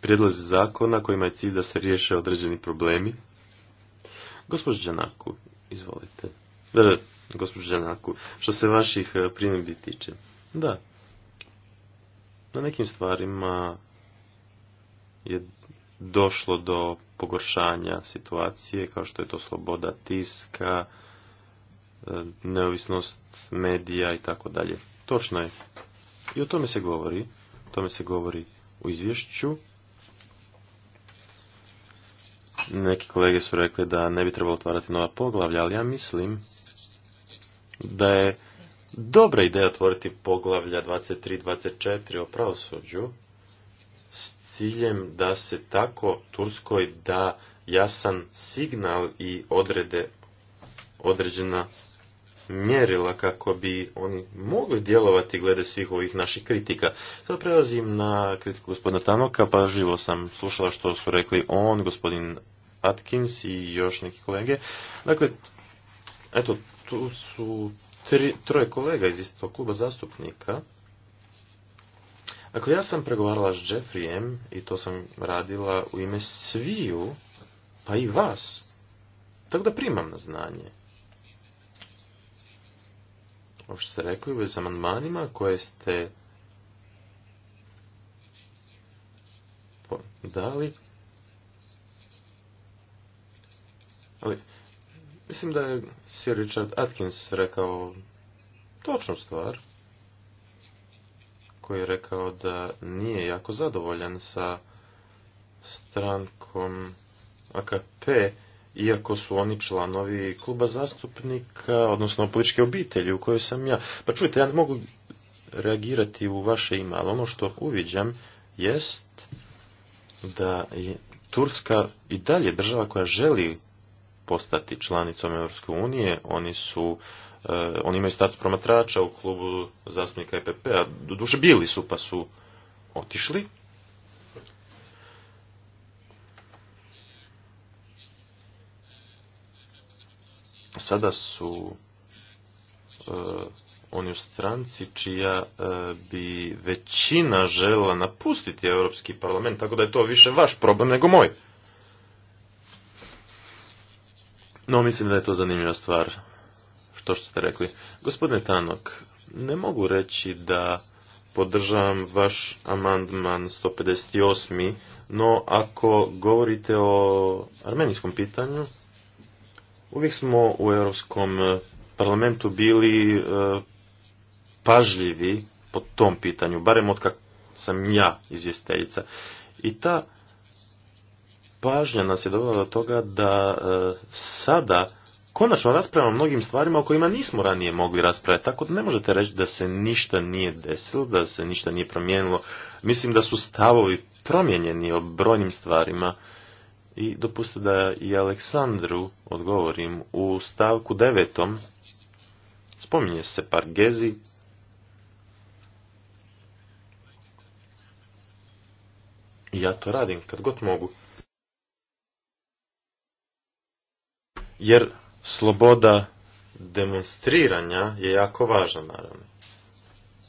prijedlozi zakona kojima je cilj da se riješe određeni problemi. Gospođo Đanaku, izvolite. Da, da, što se vaših e, primjedbi tiče. Da, na nekim stvarima je došlo do pogoršanja situacije, kao što je to sloboda tiska, e, neovisnost medija i tako dalje. Točno je. I o tome se govori. O tome se govori u izvješću. Neki kolege su rekli da ne bi trebalo otvarati nova poglavlja, ali ja mislim da je dobra ideja otvoriti poglavlja 23-24 o pravosuđu s ciljem da se tako Turskoj da jasan signal i odrede određena mjerila kako bi oni mogli djelovati glede svih ovih naših kritika. Sada prelazim na kritiku gospodina Tanoka, pa živo sam slušala što su rekli on, gospodin Atkins i još neki kolege. Dakle, eto, tu su troje kolega iz istog kluba zastupnika. Dakle, ja sam pregovarala s Jeffrijem i to sam radila u ime sviju, pa i vas. Tako da primam na znanje. Ovo što ste rekli u amandmanima koje ste dali. Ali, Mislim da je Sir Richard Atkins rekao točnu stvar, koji je rekao da nije jako zadovoljan sa strankom AKP, iako su oni članovi kluba zastupnika, odnosno političke obitelji u kojoj sam ja. Pa čujte, ja ne mogu reagirati u vaše ime, ali ono što uviđam jest da je Turska i dalje država koja želi postati članicom Europske unije, oni su e, oni imaju status promatrača u klubu zastupnika EPP-a, doduše bili su pa su otišli. Sada su e, oni u stranci čija e, bi većina žela napustiti Europski parlament, tako da je to više vaš problem nego moj. No, mislim da je to zanimljiva stvar, što što ste rekli. Gospodine Tanok, ne mogu reći da podržavam vaš amandman 158. No, ako govorite o armenijskom pitanju, uvijek smo u Europskom parlamentu bili e, pažljivi po tom pitanju, barem od kako sam ja izvjestiteljica. I ta pažnja nas je dovela do toga da e, sada konačno raspravljamo o mnogim stvarima o kojima nismo ranije mogli raspravljati, tako da ne možete reći da se ništa nije desilo, da se ništa nije promijenilo. Mislim da su stavovi promijenjeni o brojnim stvarima i dopustite da i Aleksandru odgovorim u stavku devetom spominje se Pargezi ja to radim kad god mogu jer sloboda demonstriranja je jako važna, naravno.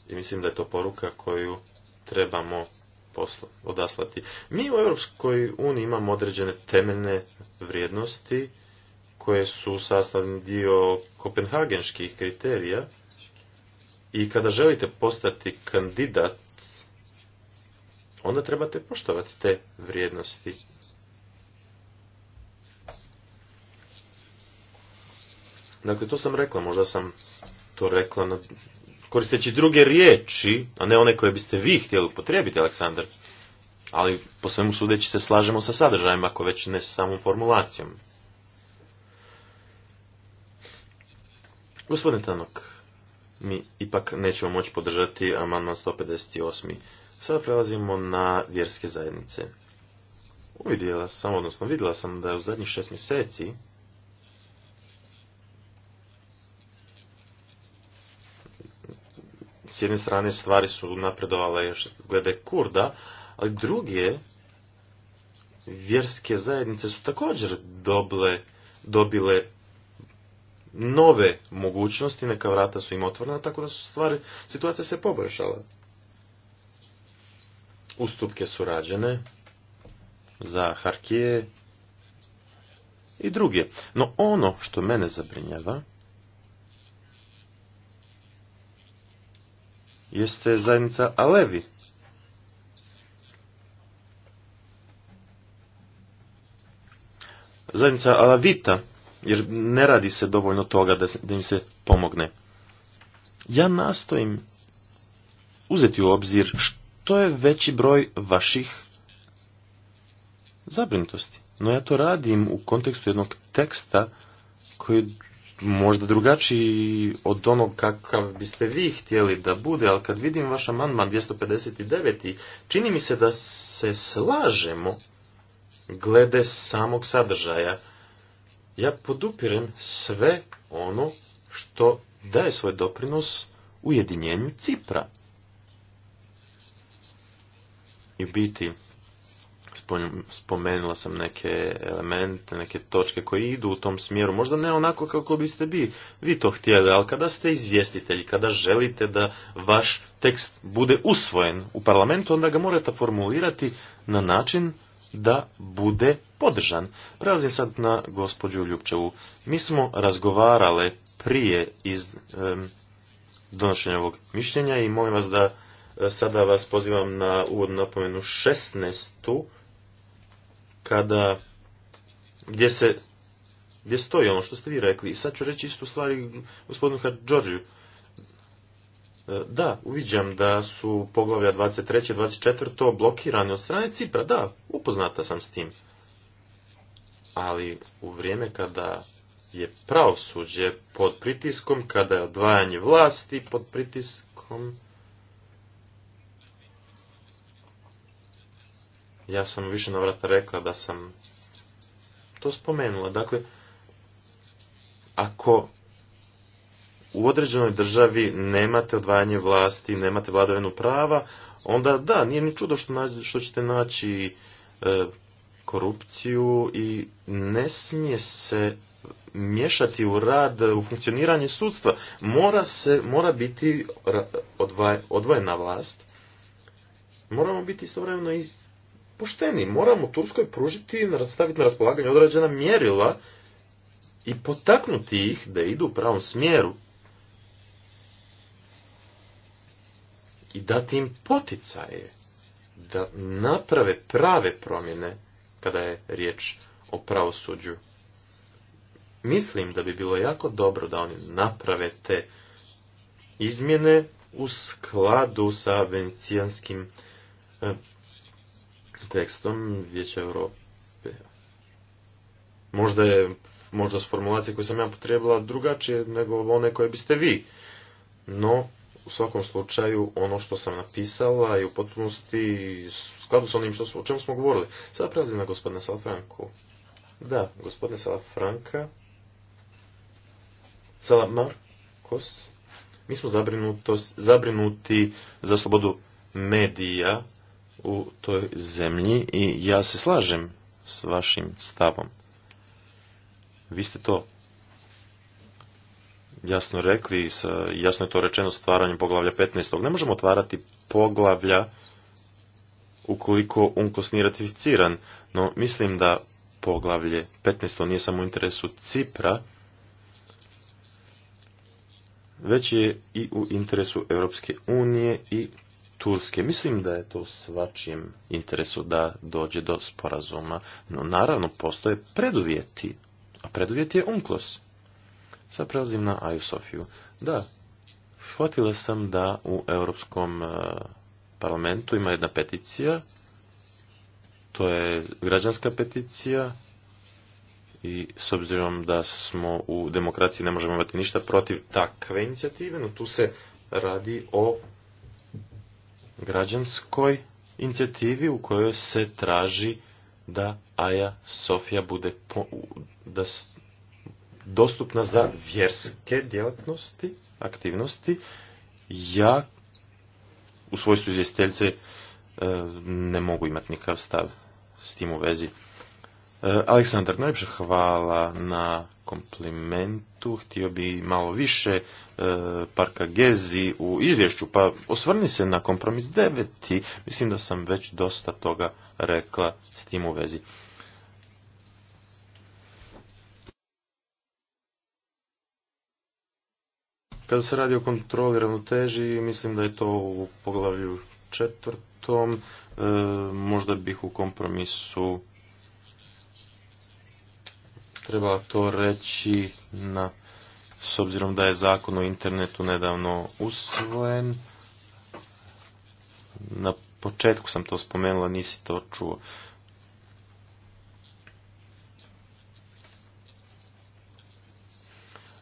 I mislim da je to poruka koju trebamo posla, odaslati. Mi u Europskoj uniji imamo određene temeljne vrijednosti koje su sastavni dio kopenhagenških kriterija i kada želite postati kandidat onda trebate poštovati te vrijednosti Dakle, to sam rekla, možda sam to rekla koristeći druge riječi, a ne one koje biste vi htjeli upotrijebiti, Aleksandar. Ali po svemu sudeći se slažemo sa sadržajem, ako već ne sa samom formulacijom. Gospodin Tanok, mi ipak nećemo moći podržati amandman 158. Sada prelazimo na vjerske zajednice. Uvidjela sam, odnosno vidjela sam da je u zadnjih šest mjeseci s jedne strane stvari su napredovale još glede Kurda, ali druge vjerske zajednice su također doble, dobile nove mogućnosti, neka vrata su im otvorena, tako da su stvari, situacija se poboljšala. Ustupke su rađene za Harkije i druge. No ono što mene zabrinjava jeste zajednica Alevi. Zajednica Alavita, jer ne radi se dovoljno toga da, da im se pomogne. Ja nastojim uzeti u obzir što je veći broj vaših zabrinutosti. No ja to radim u kontekstu jednog teksta koji možda drugačiji od onog kakav biste vi htjeli da bude, ali kad vidim vaš amandman 259. čini mi se da se slažemo glede samog sadržaja. Ja podupirem sve ono što daje svoj doprinos ujedinjenju Cipra. I biti, spomenula sam neke elemente, neke točke koje idu u tom smjeru. Možda ne onako kako biste bi vi to htjeli, ali kada ste izvjestitelji, kada želite da vaš tekst bude usvojen u parlamentu, onda ga morate formulirati na način da bude podržan. Prelazim sad na gospođu Ljupčevu. Mi smo razgovarale prije iz donošenja ovog mišljenja i molim vas da e, sada vas pozivam na uvodnu napomenu 16 kada gdje se gdje stoji ono što ste vi rekli. I sad ću reći istu stvar i gospodinu Hrđorđiju. E, da, uviđam da su poglavlja 23. 24. blokirani od strane Cipra. Da, upoznata sam s tim. Ali u vrijeme kada je pravosuđe pod pritiskom, kada je odvajanje vlasti pod pritiskom, Ja sam više navrata rekla da sam to spomenula. Dakle, ako u određenoj državi nemate odvajanje vlasti, nemate vladavinu prava, onda da, nije ni čudo što, nađe, što ćete naći e, korupciju i ne smije se miješati u rad, u funkcioniranje sudstva. Mora se, mora biti odvojena vlast. Moramo biti istovremeno i pošteni. Moramo Turskoj pružiti, staviti na raspolaganje određena mjerila i potaknuti ih da idu u pravom smjeru. I dati im poticaje da naprave prave promjene kada je riječ o pravosuđu. Mislim da bi bilo jako dobro da oni naprave te izmjene u skladu sa venecijanskim eh, tekstom Vijeća Europe. Možda, je, možda s formulacije koje sam ja potrebila drugačije nego one koje biste vi. No, u svakom slučaju, ono što sam napisala i u potpunosti u skladu s onim što, o čemu smo govorili. Sada prelazim na gospodina Salafranku. Da, gospodine Salafranka. Salamarkos. Mi smo zabrinuti za slobodu medija u toj zemlji i ja se slažem s vašim stavom. Vi ste to jasno rekli, jasno je to rečeno otvaranjem poglavlja 15. Ne možemo otvarati poglavlja ukoliko unkos nije ratificiran, no mislim da poglavlje 15. nije samo u interesu Cipra, već je i u interesu Europske unije i Turske. Mislim da je to u svačijem interesu da dođe do sporazuma. No, naravno, postoje preduvjeti, a preduvjet je unklos. Sad prelazim na Aju Sofiju. Da, shvatila sam da u Europskom e, parlamentu ima jedna peticija, to je građanska peticija, i s obzirom da smo u demokraciji ne možemo imati ništa protiv takve inicijative, no tu se radi o građanskoj inicijativi u kojoj se traži da Aja Sofija bude da dostupna za vjerske djelatnosti, aktivnosti. Ja u svojstvu izvjestiteljice e, ne mogu imati nikakav stav s tim u vezi. E, Aleksandar, najljepše hvala na komplimentu, htio bi malo više e, parka Gezi u izvješću, pa osvrni se na kompromis 9. Mislim da sam već dosta toga rekla s tim u vezi. Kada se radi o kontroli ravnoteži, mislim da je to u poglavlju četvrtom, e, možda bih u kompromisu treba to reći na, s obzirom da je zakon o internetu nedavno usvojen. Na početku sam to spomenula, nisi to čuo.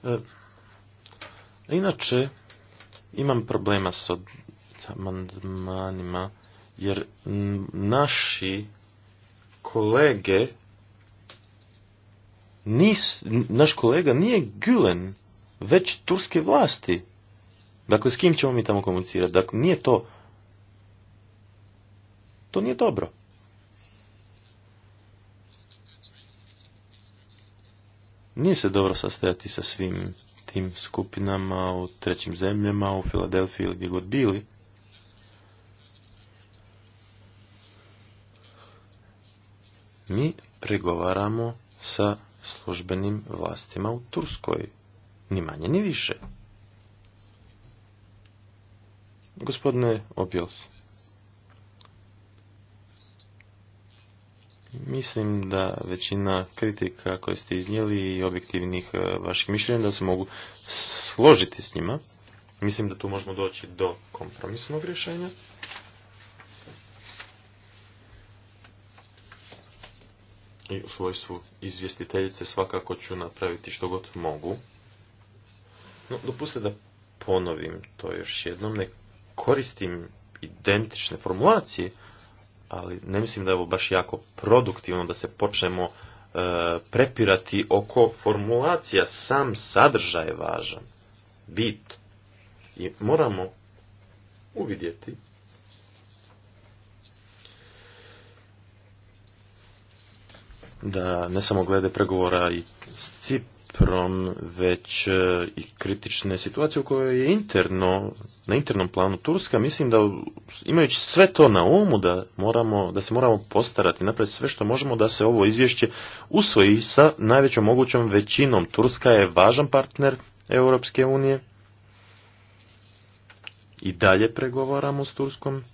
E, inače, imam problema s amandmanima, jer naši kolege nis, naš kolega nije Gülen, već turske vlasti. Dakle, s kim ćemo mi tamo komunicirati? Dakle, nije to... To nije dobro. Nije se dobro sastajati sa svim tim skupinama u trećim zemljama, u Filadelfiji ili gdje god bili. Mi pregovaramo sa službenim vlastima u Turskoj. Ni manje, ni više. Gospodine Opjels, mislim da većina kritika koje ste iznijeli i objektivnih e, vaših mišljenja da se mogu složiti s njima. Mislim da tu možemo doći do kompromisnog rješenja. u svojstvu izvjestiteljice svakako ću napraviti što god mogu. No, dopustite da ponovim to još jednom. Ne koristim identične formulacije, ali ne mislim da je ovo baš jako produktivno da se počnemo e, prepirati oko formulacija. Sam sadržaj je važan, bit. I moramo uvidjeti da ne samo glede pregovora i s Ciprom, već e, i kritične situacije u kojoj je interno, na internom planu Turska, mislim da imajući sve to na umu da, moramo, da se moramo postarati napraviti sve što možemo da se ovo izvješće usvoji sa najvećom mogućom većinom. Turska je važan partner Europske unije. I dalje pregovaramo s Turskom.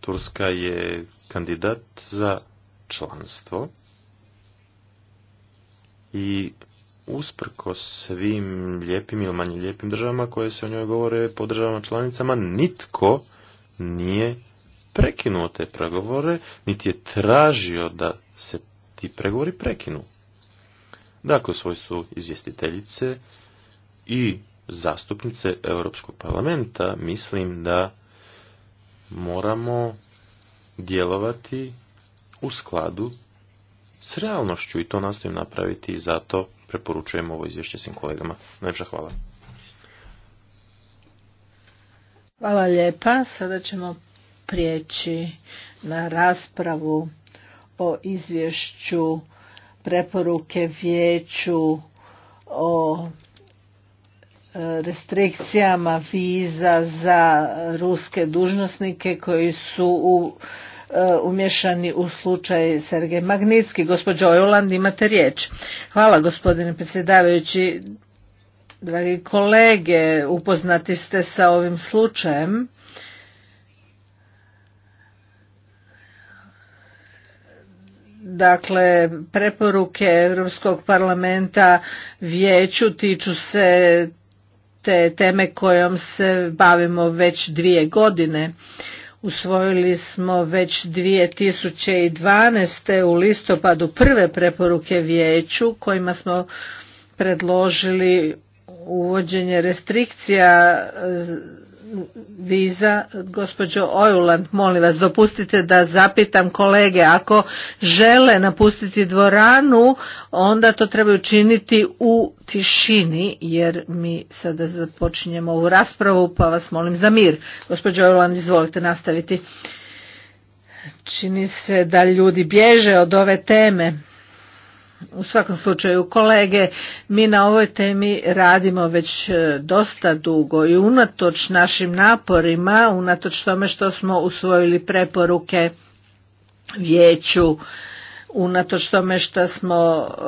Turska je kandidat za članstvo i usprko svim lijepim ili manje lijepim državama koje se o njoj govore po državama članicama, nitko nije prekinuo te pregovore, niti je tražio da se ti pregovori prekinu. Dakle, u svojstvu izvjestiteljice i zastupnice Europskog parlamenta mislim da moramo djelovati u skladu s realnošću i to nastavim napraviti i zato preporučujem ovo izvješće svim kolegama. Najljepša hvala. Hvala lijepa. Sada ćemo prijeći na raspravu o izvješću preporuke vijeću o e, restrikcijama viza za ruske dužnosnike koji su u E, umješani u slučaj Sergej Magnitski. Gospođo Ojoland, imate riječ. Hvala gospodine predsjedavajući. Dragi kolege, upoznati ste sa ovim slučajem. Dakle, preporuke Europskog parlamenta vijeću tiču se te teme kojom se bavimo već dvije godine. Usvojili smo već 2012. u listopadu prve preporuke vijeću kojima smo predložili uvođenje restrikcija viza. Gospođo Ojuland, molim vas, dopustite da zapitam kolege, ako žele napustiti dvoranu, onda to treba učiniti u tišini, jer mi sada započinjemo ovu raspravu, pa vas molim za mir. Gospođo Ojuland, izvolite nastaviti. Čini se da ljudi bježe od ove teme u svakom slučaju kolege, mi na ovoj temi radimo već e, dosta dugo i unatoč našim naporima, unatoč tome što smo usvojili preporuke vijeću, unatoč tome što smo e,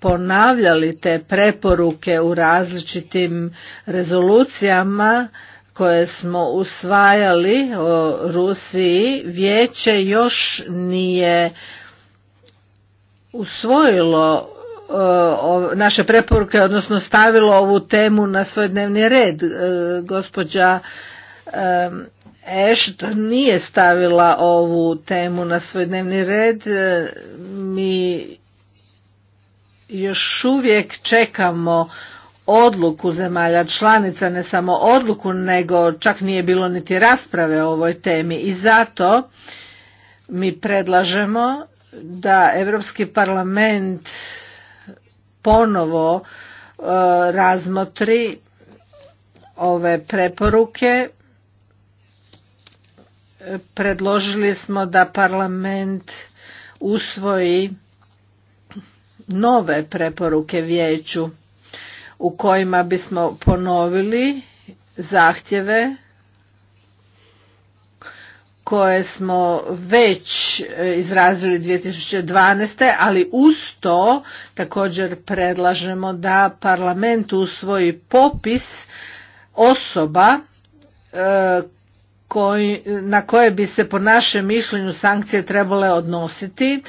ponavljali te preporuke u različitim rezolucijama koje smo usvajali o Rusiji, vijeće još nije usvojilo e, naše preporuke, odnosno stavilo ovu temu na svoj dnevni red. E, gospođa Ashton nije stavila ovu temu na svoj dnevni red. E, mi još uvijek čekamo odluku zemalja članica, ne samo odluku, nego čak nije bilo niti rasprave o ovoj temi i zato mi predlažemo da Europski parlament ponovo e, razmotri ove preporuke. Predložili smo da parlament usvoji nove preporuke vijeću u kojima bismo ponovili zahtjeve koje smo već e, izrazili 2012. ali uz to također predlažemo da parlament usvoji popis osoba e, na koje bi se po našem mišljenju sankcije trebale odnositi.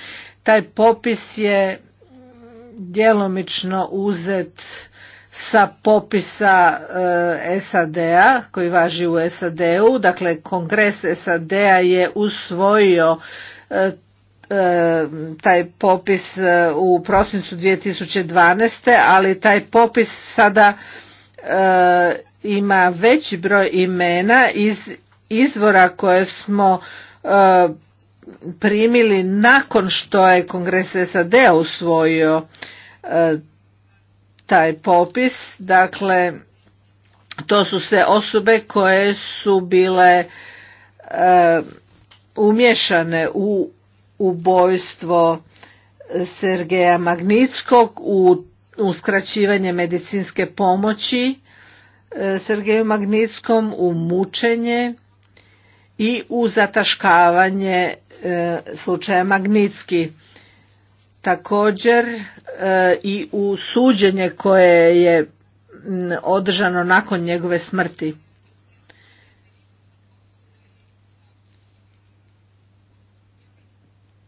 Taj popis je djelomično uzet sa popisa e, SAD-a koji važi u SAD-u. Dakle, Kongres SAD-a je usvojio e, e, taj popis e, u prosincu 2012. ali taj popis sada ima veći broj imena iz izvora koje smo primili nakon što je Kongres SAD usvojio taj popis. Dakle, to su sve osobe koje su bile e, umješane u ubojstvo Sergeja Magnitskog, u uskraćivanje medicinske pomoći e, Sergeju Magnitskom, u mučenje i u zataškavanje e, slučaja Magnitski također e, i u suđenje koje je održano nakon njegove smrti.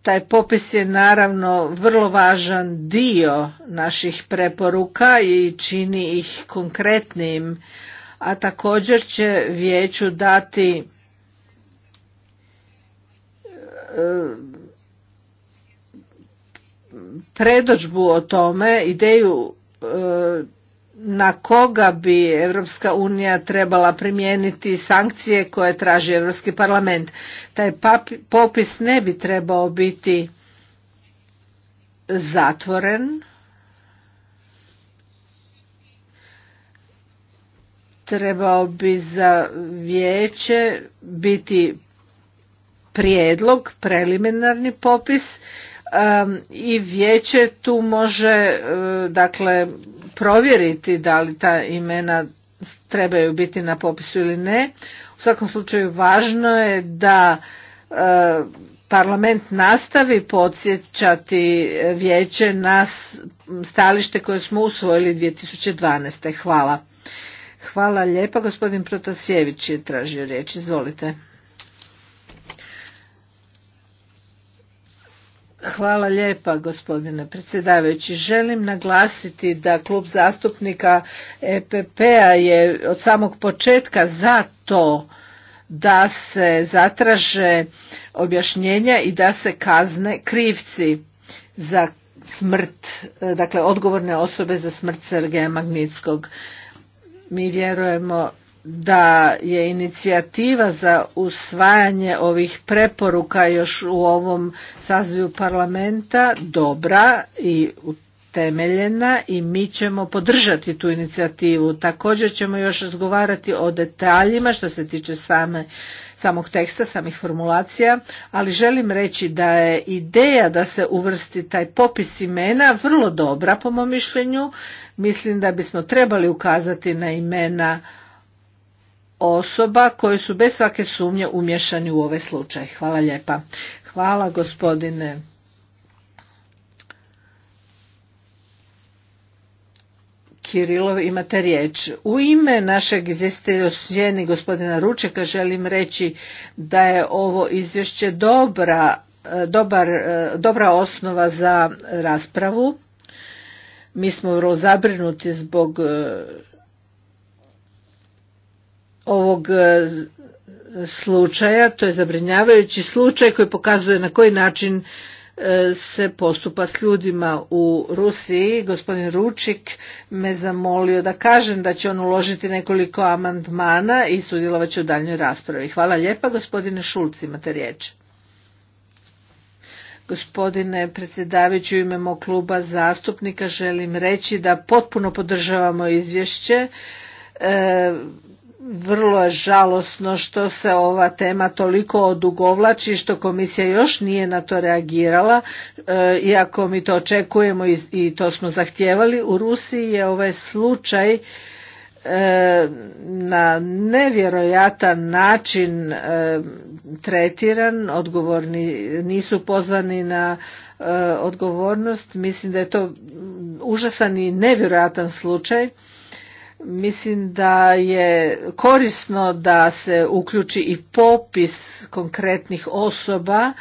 Taj popis je naravno vrlo važan dio naših preporuka i čini ih konkretnim, a također će vijeću dati e, predođbu o tome, ideju e, na koga bi Europska unija trebala primijeniti sankcije koje traži Evropski parlament. Taj popis ne bi trebao biti zatvoren. Trebao bi za vijeće biti prijedlog, preliminarni popis i vijeće tu može e, dakle provjeriti da li ta imena trebaju biti na popisu ili ne. U svakom slučaju važno je da e, parlament nastavi podsjećati vijeće na stalište koje smo usvojili 2012. Hvala. Hvala lijepa. Gospodin Protasjević je tražio riječ. Izvolite. Hvala lijepa gospodine predsjedavajući. Želim naglasiti da klub zastupnika EPP-a je od samog početka za to da se zatraže objašnjenja i da se kazne krivci za smrt, dakle odgovorne osobe za smrt Sergeja Magnitskog. Mi vjerujemo da je inicijativa za usvajanje ovih preporuka još u ovom sazivu parlamenta dobra i utemeljena i mi ćemo podržati tu inicijativu. Također ćemo još razgovarati o detaljima što se tiče same, samog teksta, samih formulacija, ali želim reći da je ideja da se uvrsti taj popis imena vrlo dobra po mom mišljenju. Mislim da bismo trebali ukazati na imena osoba koje su bez svake sumnje umješani u ovaj slučaj. Hvala lijepa. Hvala gospodine Kirilov, imate riječ. U ime našeg izvjestitelja gospodina Ručeka želim reći da je ovo izvješće dobra, e, dobar, e, dobra osnova za raspravu. Mi smo vrlo zabrinuti zbog e, ovog e, slučaja, to je zabrinjavajući slučaj koji pokazuje na koji način e, se postupa s ljudima u Rusiji. Gospodin Ručik me zamolio da kažem da će on uložiti nekoliko amandmana i sudjelovat će u daljnjoj raspravi. Hvala lijepa gospodine Šulc, imate riječ. Gospodine predsjedavajući u ime mog kluba zastupnika želim reći da potpuno podržavamo izvješće. E, vrlo je žalosno što se ova tema toliko odugovlači što komisija još nije na to reagirala e, iako mi to očekujemo i to smo zahtijevali u Rusiji je ovaj slučaj e, na nevjerojatan način e, tretiran odgovorni nisu pozvani na odgovornost mislim da je to užasan i nevjerojatan slučaj Mislim da je korisno da se uključi i popis konkretnih osoba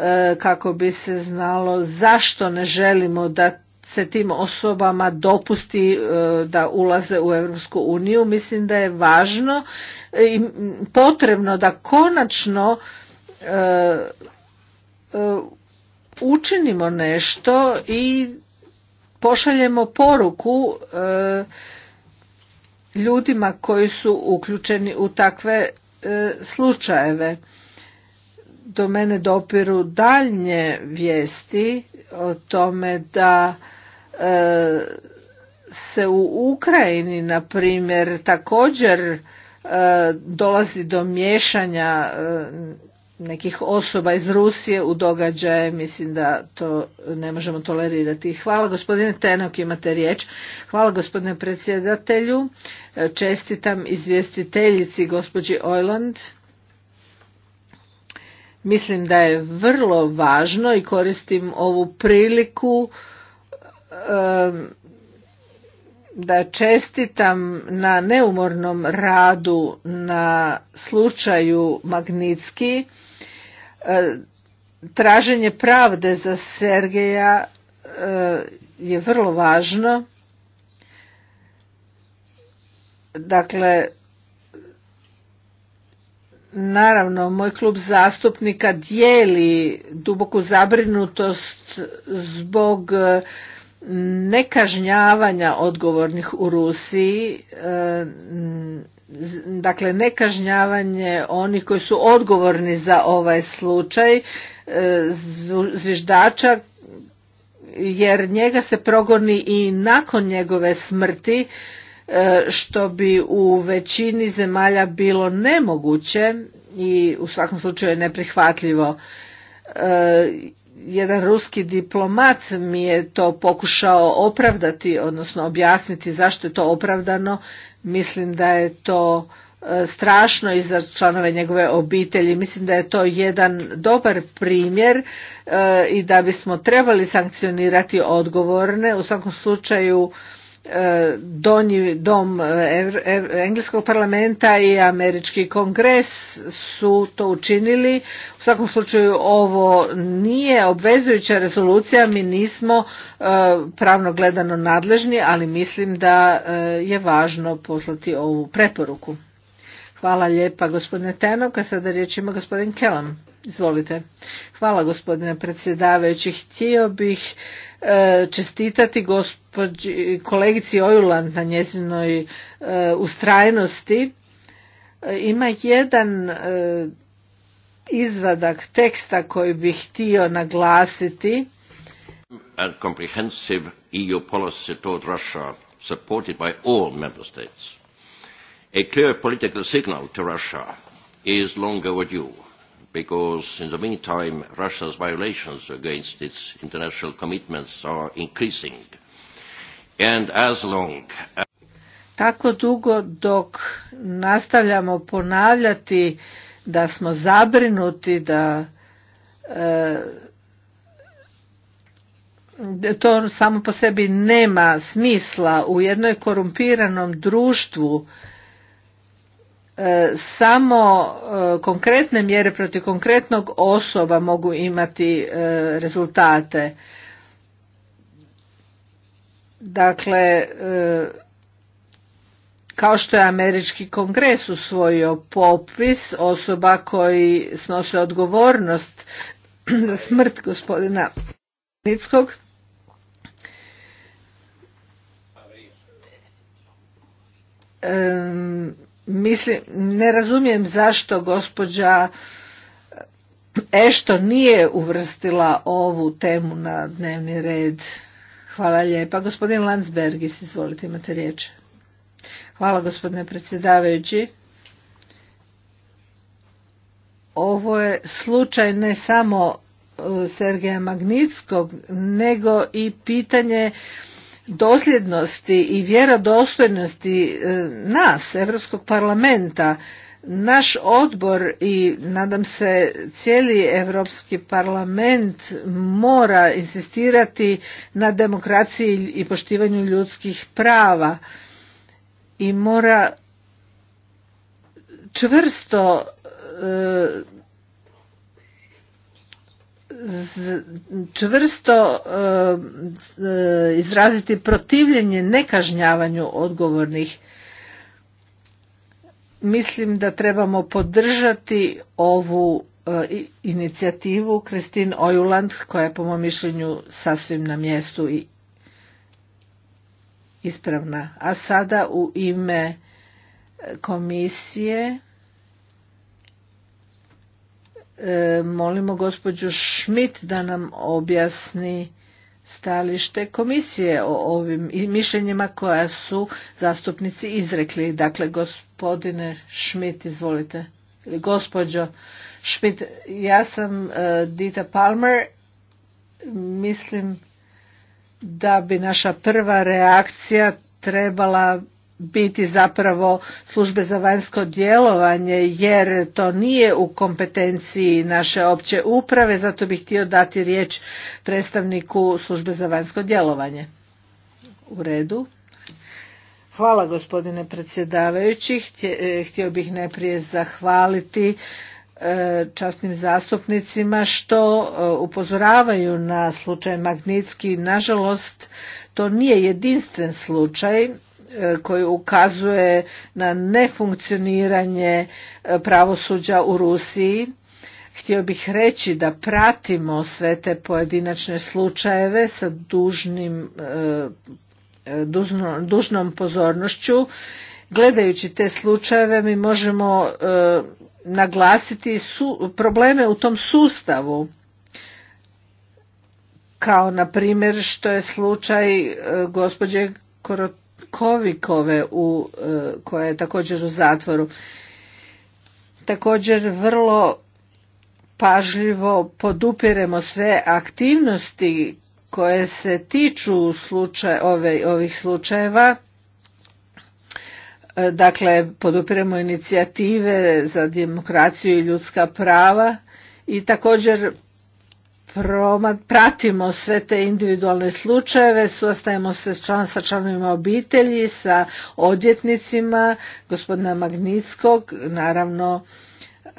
e, kako bi se znalo zašto ne želimo da se tim osobama dopusti e, da ulaze u Europsku uniju. Mislim da je važno i potrebno da konačno e, učinimo nešto i pošaljemo poruku ljudima koji su uključeni u takve e, slučajeve. Do mene dopiru daljnje vijesti o tome da e, se u Ukrajini na primjer također e, dolazi do miješanja nekih osoba iz Rusije u događaje, mislim da to ne možemo tolerirati. Hvala gospodine Tenok, imate riječ. Hvala gospodine predsjedatelju, e, čestitam izvjestiteljici gospođi Ojland. Mislim da je vrlo važno i koristim ovu priliku da čestitam na neumornom radu na slučaju Magnitski E, traženje pravde za Sergeja e, je vrlo važno. Dakle, naravno, moj klub zastupnika dijeli duboku zabrinutost zbog e, nekažnjavanja odgovornih u Rusiji dakle nekažnjavanje onih koji su odgovorni za ovaj slučaj e, zviždača jer njega se progoni i nakon njegove smrti e, što bi u većini zemalja bilo nemoguće i u svakom slučaju je neprihvatljivo. E, jedan ruski diplomat mi je to pokušao opravdati, odnosno objasniti zašto je to opravdano Mislim da je to e, strašno i za članove njegove obitelji. Mislim da je to jedan dobar primjer e, i da bismo trebali sankcionirati odgovorne. U svakom slučaju E, donji dom e, engleskog parlamenta i američki kongres su to učinili u svakom slučaju ovo nije obvezujuća rezolucija mi nismo e, pravno gledano nadležni ali mislim da je važno poslati ovu preporuku hvala lijepa gospodine Tenok a sada riječ ima gospodin Kelam Izvolite. Hvala gospodine predsjedavajući. Htio bih e, čestitati gospođi, kolegici Ojuland na njezinoj e, ustrajnosti. E, ima jedan e, izvadak teksta koji bih htio naglasiti. A comprehensive EU policy toward Russia supported by all member states. A clear political signal to Russia is long overdue because in the meantime Russia's violations against its international commitments are increasing. And as long as... Tako dugo dok nastavljamo ponavljati da smo zabrinuti da e, to samo po sebi nema smisla u jednoj korumpiranom društvu E, samo e, konkretne mjere protiv konkretnog osoba mogu imati e, rezultate. Dakle, kao što je američki kongres usvojio popis osoba koji snose odgovornost za smrt gospodina Nickog, um, mislim, ne razumijem zašto gospođa Ešto nije uvrstila ovu temu na dnevni red. Hvala lijepa. Gospodin Landsbergis, izvolite, imate riječ. Hvala gospodine predsjedavajući. Ovo je slučaj ne samo e, Sergeja Magnitskog, nego i pitanje dosljednosti i vjerodostojnosti e, nas, Europskog parlamenta, naš odbor i nadam se cijeli Europski parlament mora insistirati na demokraciji i poštivanju ljudskih prava i mora čvrsto e, čvrsto eh, izraziti protivljenje nekažnjavanju odgovornih mislim da trebamo podržati ovu eh, inicijativu Kristin Ojuland koja je po mom mišljenju sasvim na mjestu i ispravna. A sada u ime eh, komisije E, molimo gospođu Šmit da nam objasni stalište komisije o ovim mišljenjima koja su zastupnici izrekli. Dakle, gospodine Šmit, izvolite. Gospođo Šmit, ja sam e, Dita Palmer. Mislim da bi naša prva reakcija trebala biti zapravo službe za vanjsko djelovanje jer to nije u kompetenciji naše opće uprave, zato bih htio dati riječ predstavniku službe za vanjsko djelovanje. U redu. Hvala gospodine predsjedavajući. E, htio bih najprije zahvaliti e, časnim zastupnicima što e, upozoravaju na slučaj Magnitski. Nažalost, to nije jedinstven slučaj. E, koji ukazuje na nefunkcioniranje e, pravosuđa u Rusiji. Htio bih reći da pratimo sve te pojedinačne slučajeve sa dužnim, e, dužnom pozornošću. Gledajući te slučajeve mi možemo naglasiti probleme u tom sustavu kao na primjer što je slučaj gospođe Kovikove u, e, koja je također u zatvoru. Također vrlo pažljivo podupiremo sve aktivnosti koje se tiču slučaj, ove, ovih slučajeva. E, dakle, podupiremo inicijative za demokraciju i ljudska prava i također pratimo sve te individualne slučajeve, suostajemo se sa članovima obitelji, sa odjetnicima gospodina Magnitskog, naravno e,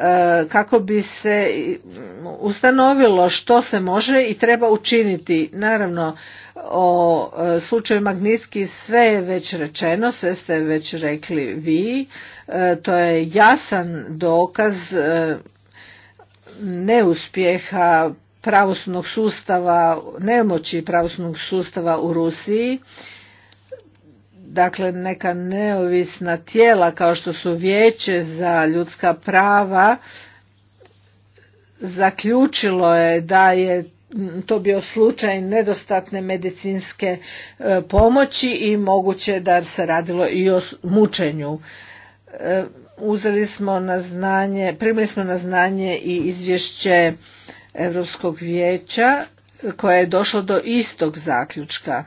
kako bi se mm, ustanovilo što se može i treba učiniti. Naravno, o e, slučaju Magnitski sve je već rečeno, sve ste već rekli vi. E, to je jasan dokaz neuspjeha pravosudnog sustava, nemoći pravosudnog sustava u Rusiji, dakle neka neovisna tijela kao što su vijeće za ljudska prava zaključilo je da je to bio slučaj nedostatne medicinske e, pomoći i moguće da se radilo i o mučenju. E, uzeli smo na znanje, primili smo na znanje i izvješće Europskog vijeća koja je došlo do istog zaključka.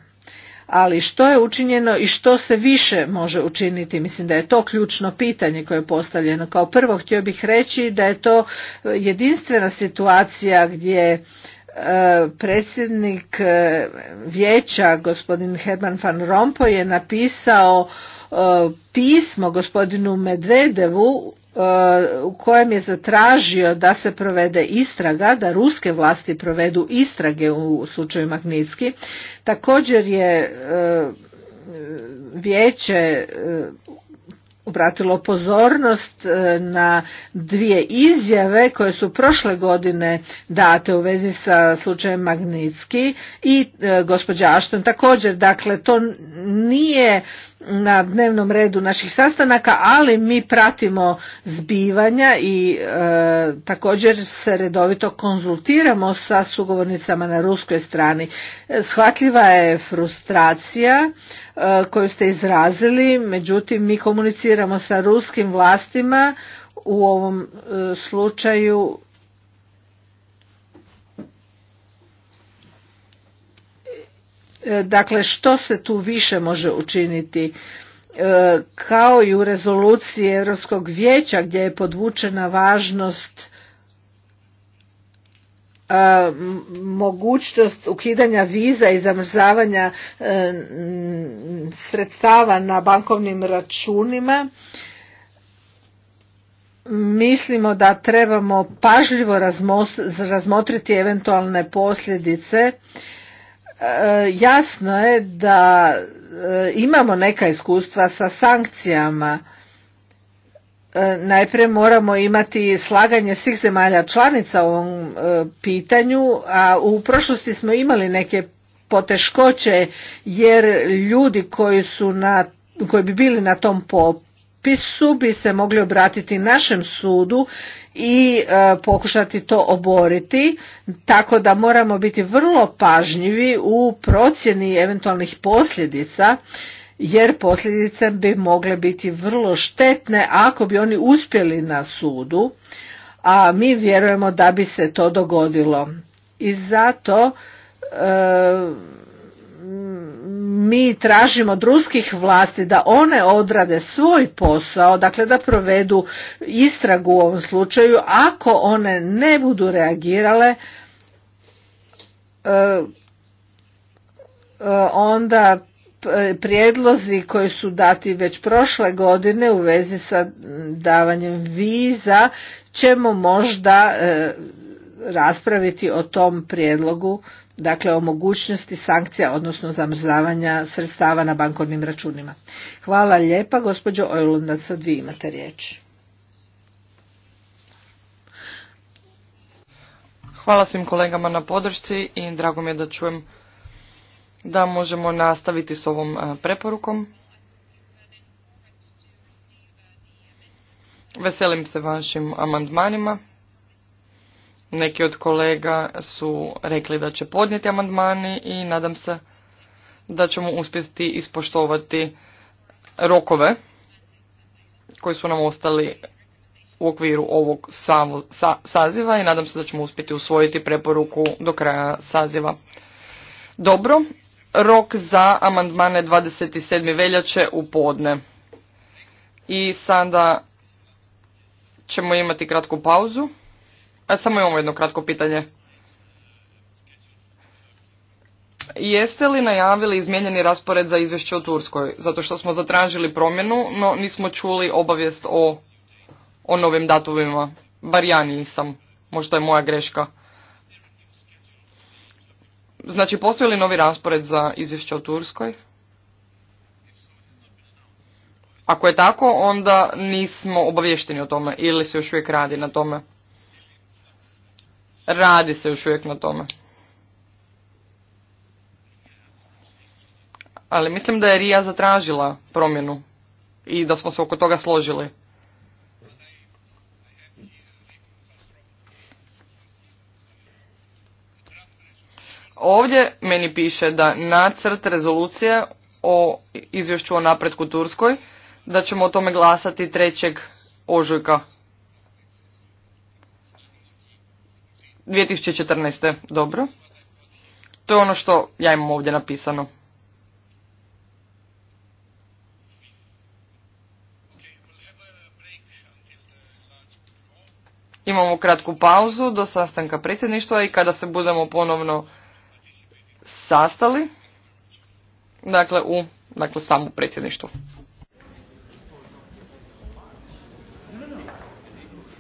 Ali što je učinjeno i što se više može učiniti? Mislim da je to ključno pitanje koje je postavljeno. Kao prvo htio bih reći da je to jedinstvena situacija gdje e, predsjednik e, vijeća gospodin Herman van Rompuy je napisao e, pismo gospodinu Medvedevu u kojem je zatražio da se provede istraga, da ruske vlasti provedu istrage u slučaju Magnitski. Također je e, vijeće e, obratilo pozornost e, na dvije izjave koje su prošle godine date u vezi sa slučajem Magnitski i gospođa Ašton također. Dakle, to nije na dnevnom redu naših sastanaka, ali mi pratimo zbivanja i e, također se redovito konzultiramo sa sugovornicama na ruskoj strani. E, shvatljiva je frustracija e, koju ste izrazili, međutim mi komuniciramo sa ruskim vlastima u ovom slučaju E, dakle, što se tu više može učiniti? E, kao i u rezoluciji Europskog vijeća gdje je podvučena važnost e, mogućnost ukidanja viza i zamrzavanja sredstava na bankovnim računima mislimo da trebamo pažljivo razmotriti eventualne posljedice E, jasno je da e, imamo neka iskustva sa sankcijama e, najprije moramo imati slaganje svih zemalja članica u ovom pitanju a u prošlosti smo imali neke poteškoće jer ljudi koji su na koji bi bili na tom popisu su bi se mogli obratiti našem sudu i e, pokušati to oboriti tako da moramo biti vrlo pažljivi u procjeni eventualnih posljedica jer posljedice bi mogle biti vrlo štetne ako bi oni uspjeli na sudu a mi vjerujemo da bi se to dogodilo i zato e, mi tražimo od ruskih vlasti da one odrade svoj posao, dakle da provedu istragu u ovom slučaju, ako one ne budu reagirale, e, e, onda prijedlozi koji su dati već prošle godine u vezi sa davanjem viza ćemo možda e, raspraviti o tom prijedlogu dakle o mogućnosti sankcija odnosno zamrzavanja sredstava na bankovnim računima. Hvala lijepa gospođo Ojlundac, sad vi imate riječ. Hvala svim kolegama na podršci i drago mi je da čujem da možemo nastaviti s ovom preporukom. Veselim se vašim amandmanima. Neki od kolega su rekli da će podnijeti amandmani i nadam se da ćemo uspjeti ispoštovati rokove koji su nam ostali u okviru ovog saziva i nadam se da ćemo uspjeti usvojiti preporuku do kraja saziva. Dobro, rok za amandmane 27. veljače u podne. I sada ćemo imati kratku pauzu. Samo imamo jedno kratko pitanje. Jeste li najavili izmijenjeni raspored za izvješće o Turskoj? Zato što smo zatražili promjenu, no nismo čuli obavijest o, novim datovima. Bar ja nisam. Možda je moja greška. Znači, postoji li novi raspored za izvješće o Turskoj? Ako je tako, onda nismo obavješteni o tome ili se još uvijek radi na tome. Radi se još uvijek na tome. Ali mislim da je Rija zatražila promjenu i da smo se oko toga složili. Ovdje meni piše da nacrt rezolucije o izvješću o napretku Turskoj, da ćemo o tome glasati 3. ožujka 2014. Dobro. To je ono što ja imam ovdje napisano. Imamo kratku pauzu do sastanka predsjedništva i kada se budemo ponovno sastali, dakle u dakle, samu predsjedništvu.